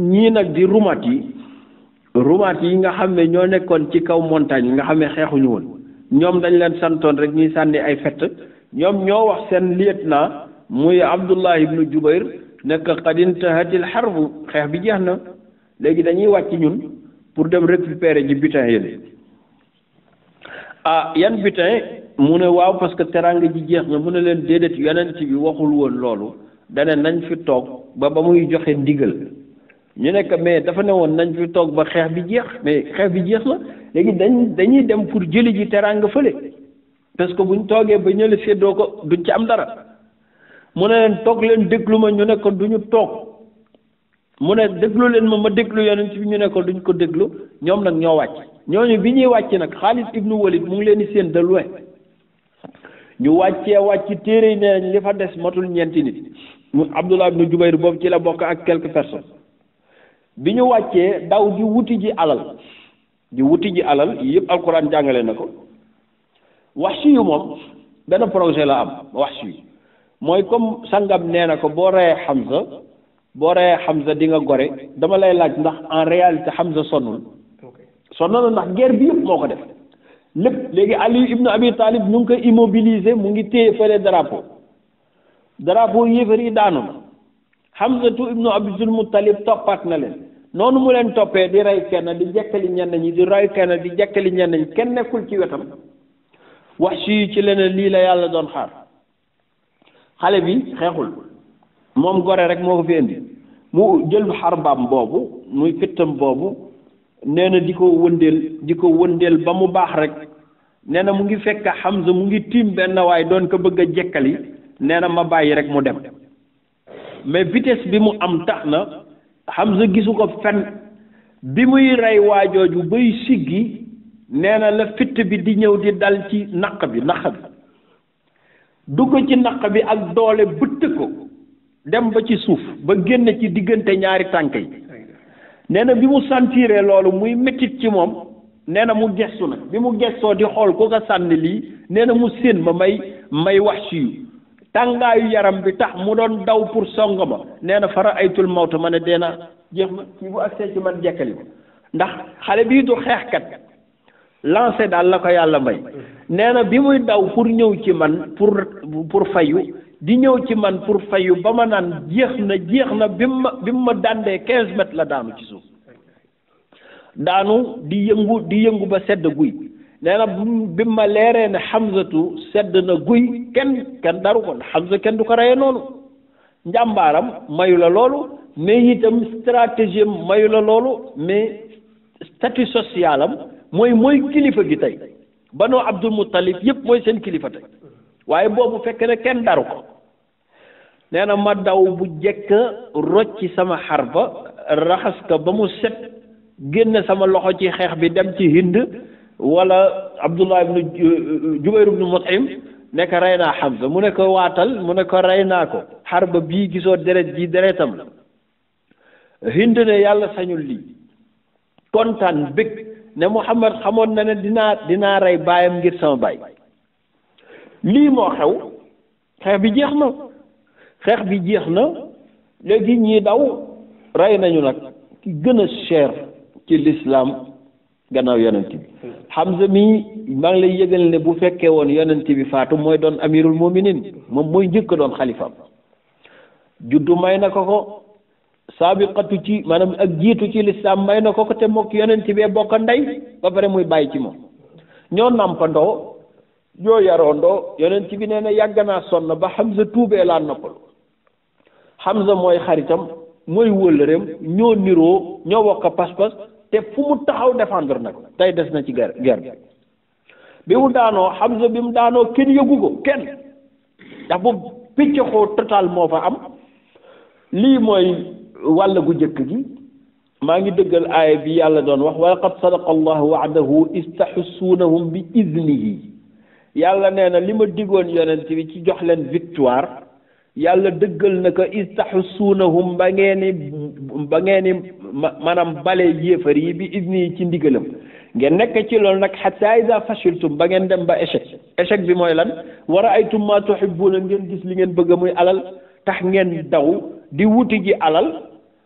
ñii nag di rumaat yi rumaat yi nga xam ne ñoo nekkoon ci kaw montagne nga xam ne xeexuñu woon ñoom dañu leen santoon rek ñuy sànni ay fett ñoom ñoo wax seen lieutenant muy Abdullah ibnu Jubayr nekk qad intahatil harbu xeex bi jeex na léegi dañuy wàcc ñun pour dem récupérer ji butin yële ah yan butin mu ne waaw parce que teranga ji jeex na mu ne leen déedéet yonent bi waxul woon loolu dane nañ fi toog ba ba muy joxee ndigal ñu nekk mais dafa ne woon nañ fi toog ba xeex bi jeex mais xeex bi jeex na léegi dañ dañuy dem pour jëli ji teraanga fële parce que buñ toogee ba ñële séddoo ko duñ ci am dara mu ne leen toog leen déglu ma ñu ne ko duñu toog mu ne déglu leen ma ma déglu yonent bi ñu ne ko duñ ko déglu ñoom nag ñoo wàcc ñooñu bi ñuy wàcc nag Xaalid ibnu Walid mu ngi leen di séen de loin ñu wàccee wàcc téere yi nee nañ li fa des matul ñeenti nit mu Abdullah ibn Jubayr boobu ci la bokk ak quelques personnes bi ñu wàccee daw di wuti ji alal di wuti ji alal yëpp alquran jàngale na ko wax si yu moom benn projet la am wax si mooy comme sangam nee na ko boo reyee Hamza boo reyee Hamza di nga gore dama lay laaj ndax en réalité Hamza sonnul sonnul na ndax guerre bi yëpp moo ko def lépp léegi Ali ibn Abi Talib ñu ngi koy immobiliser mu ngi téye fële drapeau dara drapeau yéefar yi daanu na Hamzatu ibnu Abdul Muttalib toppaat na leen noonu mu leen toppee di rey kenn di jekkali ñenn ñi di rey kenn di jekkali ñenn ñi kenn nekkul ci wetam wax si ci leneen lii la yàlla doon xaar xale bi xeexul moom gore rek moo ko fi indi mu jël xarbaam boobu muy fittam boobu nee na di ko wëndeel di ko wëndeel ba mu baax rek nee na mu ngi fekk Hamza mu ngi tiim benn waay doon ko bëgg a jekkali nee na ma bàyyi rek mu dem mais vitesse bi mu am tax na xam Hamza gisu ko fen bi muy rey waajooju bay siggi nee na la fitt bi di ñëw di dal ci naq bi naq bi dugg ci naq bi ak doole bëtt ko dem ba ci suuf ba génn ci diggante ñaari tànk yi nee na bi mu sentiree loolu muy métit ci moom nee na mu gestu nag bi mu gestoo di xool ku ko sànni lii nee na mu séen ma may may wax si tàngaayu yaram bi tax mu doon daw pour song ma nee na fara aytul mawta ma ne dee naa jeex ma kii bu agsee ci man jekkali ko ndax xale bii du xeexkat lancé daal la ko yàlla may nee na bi muy daw pour ñëw ci man pour pour fayu di ñëw ci man pour fayu ba ma naan jeex na jeex na bi mu ma bi mu ma dàndee quinze mètres la daanu ci suuf daanu di yëngu di yëngu ba sedd guy nee na bi ma leeree ne xamsatu sedd na guy kenn kenn daru ko xamsa kenn du ko reye noonu njàmbaaram mayu la loolu mais itam stratégie mayu la loolu mais statut social mooy mooy kilifa gi tey banu Abdul Muttalib yëpp mooy seen kilifa tey waaye boobu fekk na kenn daru ko nee na ma daw bu jekk rocci sama xar ba raxas ko ba mu set génn sama loxo ci xeex bi dem ci Hind wala abdullah ibnu jubayr ibnu mutim ne ko rey naa Hamza mu ne ko waatal mu ne ko rey naa ko xar ba bii gisoo deret bii deretam la Hind yàlla sañul lii kontaan bëgg ne Muhammad xamoon na ne dinaa dinaa rey baayam ngir sama baay lii moo xew xeex bi jeex na xeex bi jeex na léegi ñii daw rey nañu nag ki gën a ci lislaam gannaaw yonent bi Hamza mii maa ngi lay yëgal ne bu fekkee woon yonent bi faatu mooy doon amirul muminin moom mooy njëkk doon xalifaam juddu may na ko ko saabiqatu ci manam ak jiitu ci lislaam may na ko ko te mook yonent bee bokk ndey ba pare muy bàyyi ci moom ñoo nàmpandoo ñoo yaroondoo yonent bi nee na yàgg naa sonn ba Hamza tuubee laa noppal Hamza mooy xaritam mooy wëllëreem ñoo niroo ñoo bokk pas-pas te fu mu taxaw défendre nag tey des na ci guerre guerre bi bi mu daanoo Hamza bi mu daanoo kenn yëgu ko kenn ndax boobu piccaxoo total moo fa am lii mooy wàll gu njëkk gi maa ngi dëggal aaya bi yàlla doon wax wa laqad sadaqa allahu wa'dahu istaxissuunahum bi iznihi yàlla nee na li ma digoon yonent bi ci jox leen victoire yàlla dëggal na ko istaxsuunahum ba ngeen ni ba ngeen ni maanaam bale yéefar yi bi idni ci ndigalam ngeen nekk ci loolu nag xataa iza fashiltum ba ngeen dem ba échec échec bi mooy lan wa raaytum ma tuhibbuuna ngeen gis li ngeen bëgg muy alal tax ngeen daw di wuti ji alal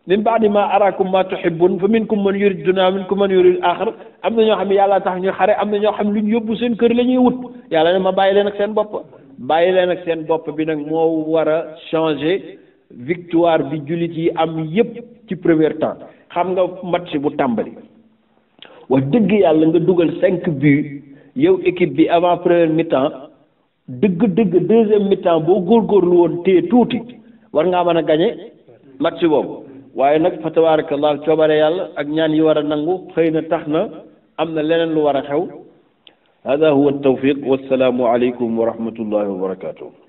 min baadi ma araakum ma tuhibbun fa minkum man yurid dunya minkum man yurid axar am na ñoo xam ne yàlla tax ñu xare am na ñoo xam lu ñu yóbbu seen kër la ñuy wut yàlla ne ma bàyyi leen ak seen bopp bàyyi leen ak seen bopp bi nag moo war a changer victoire bi jullit yi am yépp ci premier temps xam nga match bu tàmbali wax dëgg yàlla nga dugal cinq buts yow équipe bi avant première mi-temps dëgg-dëgg deuxième mi-temps boo góorgóorlu woon téye tuuti war ngaa mën a gañe match boobu waaye nag fa tabarakallah coobare yàlla ak ñaan yi war a nangu xëy na tax na am na leneen lu war a xew hada huwa tawfiq wassalaamu aleykum wa rahmatullahi wa barakatuh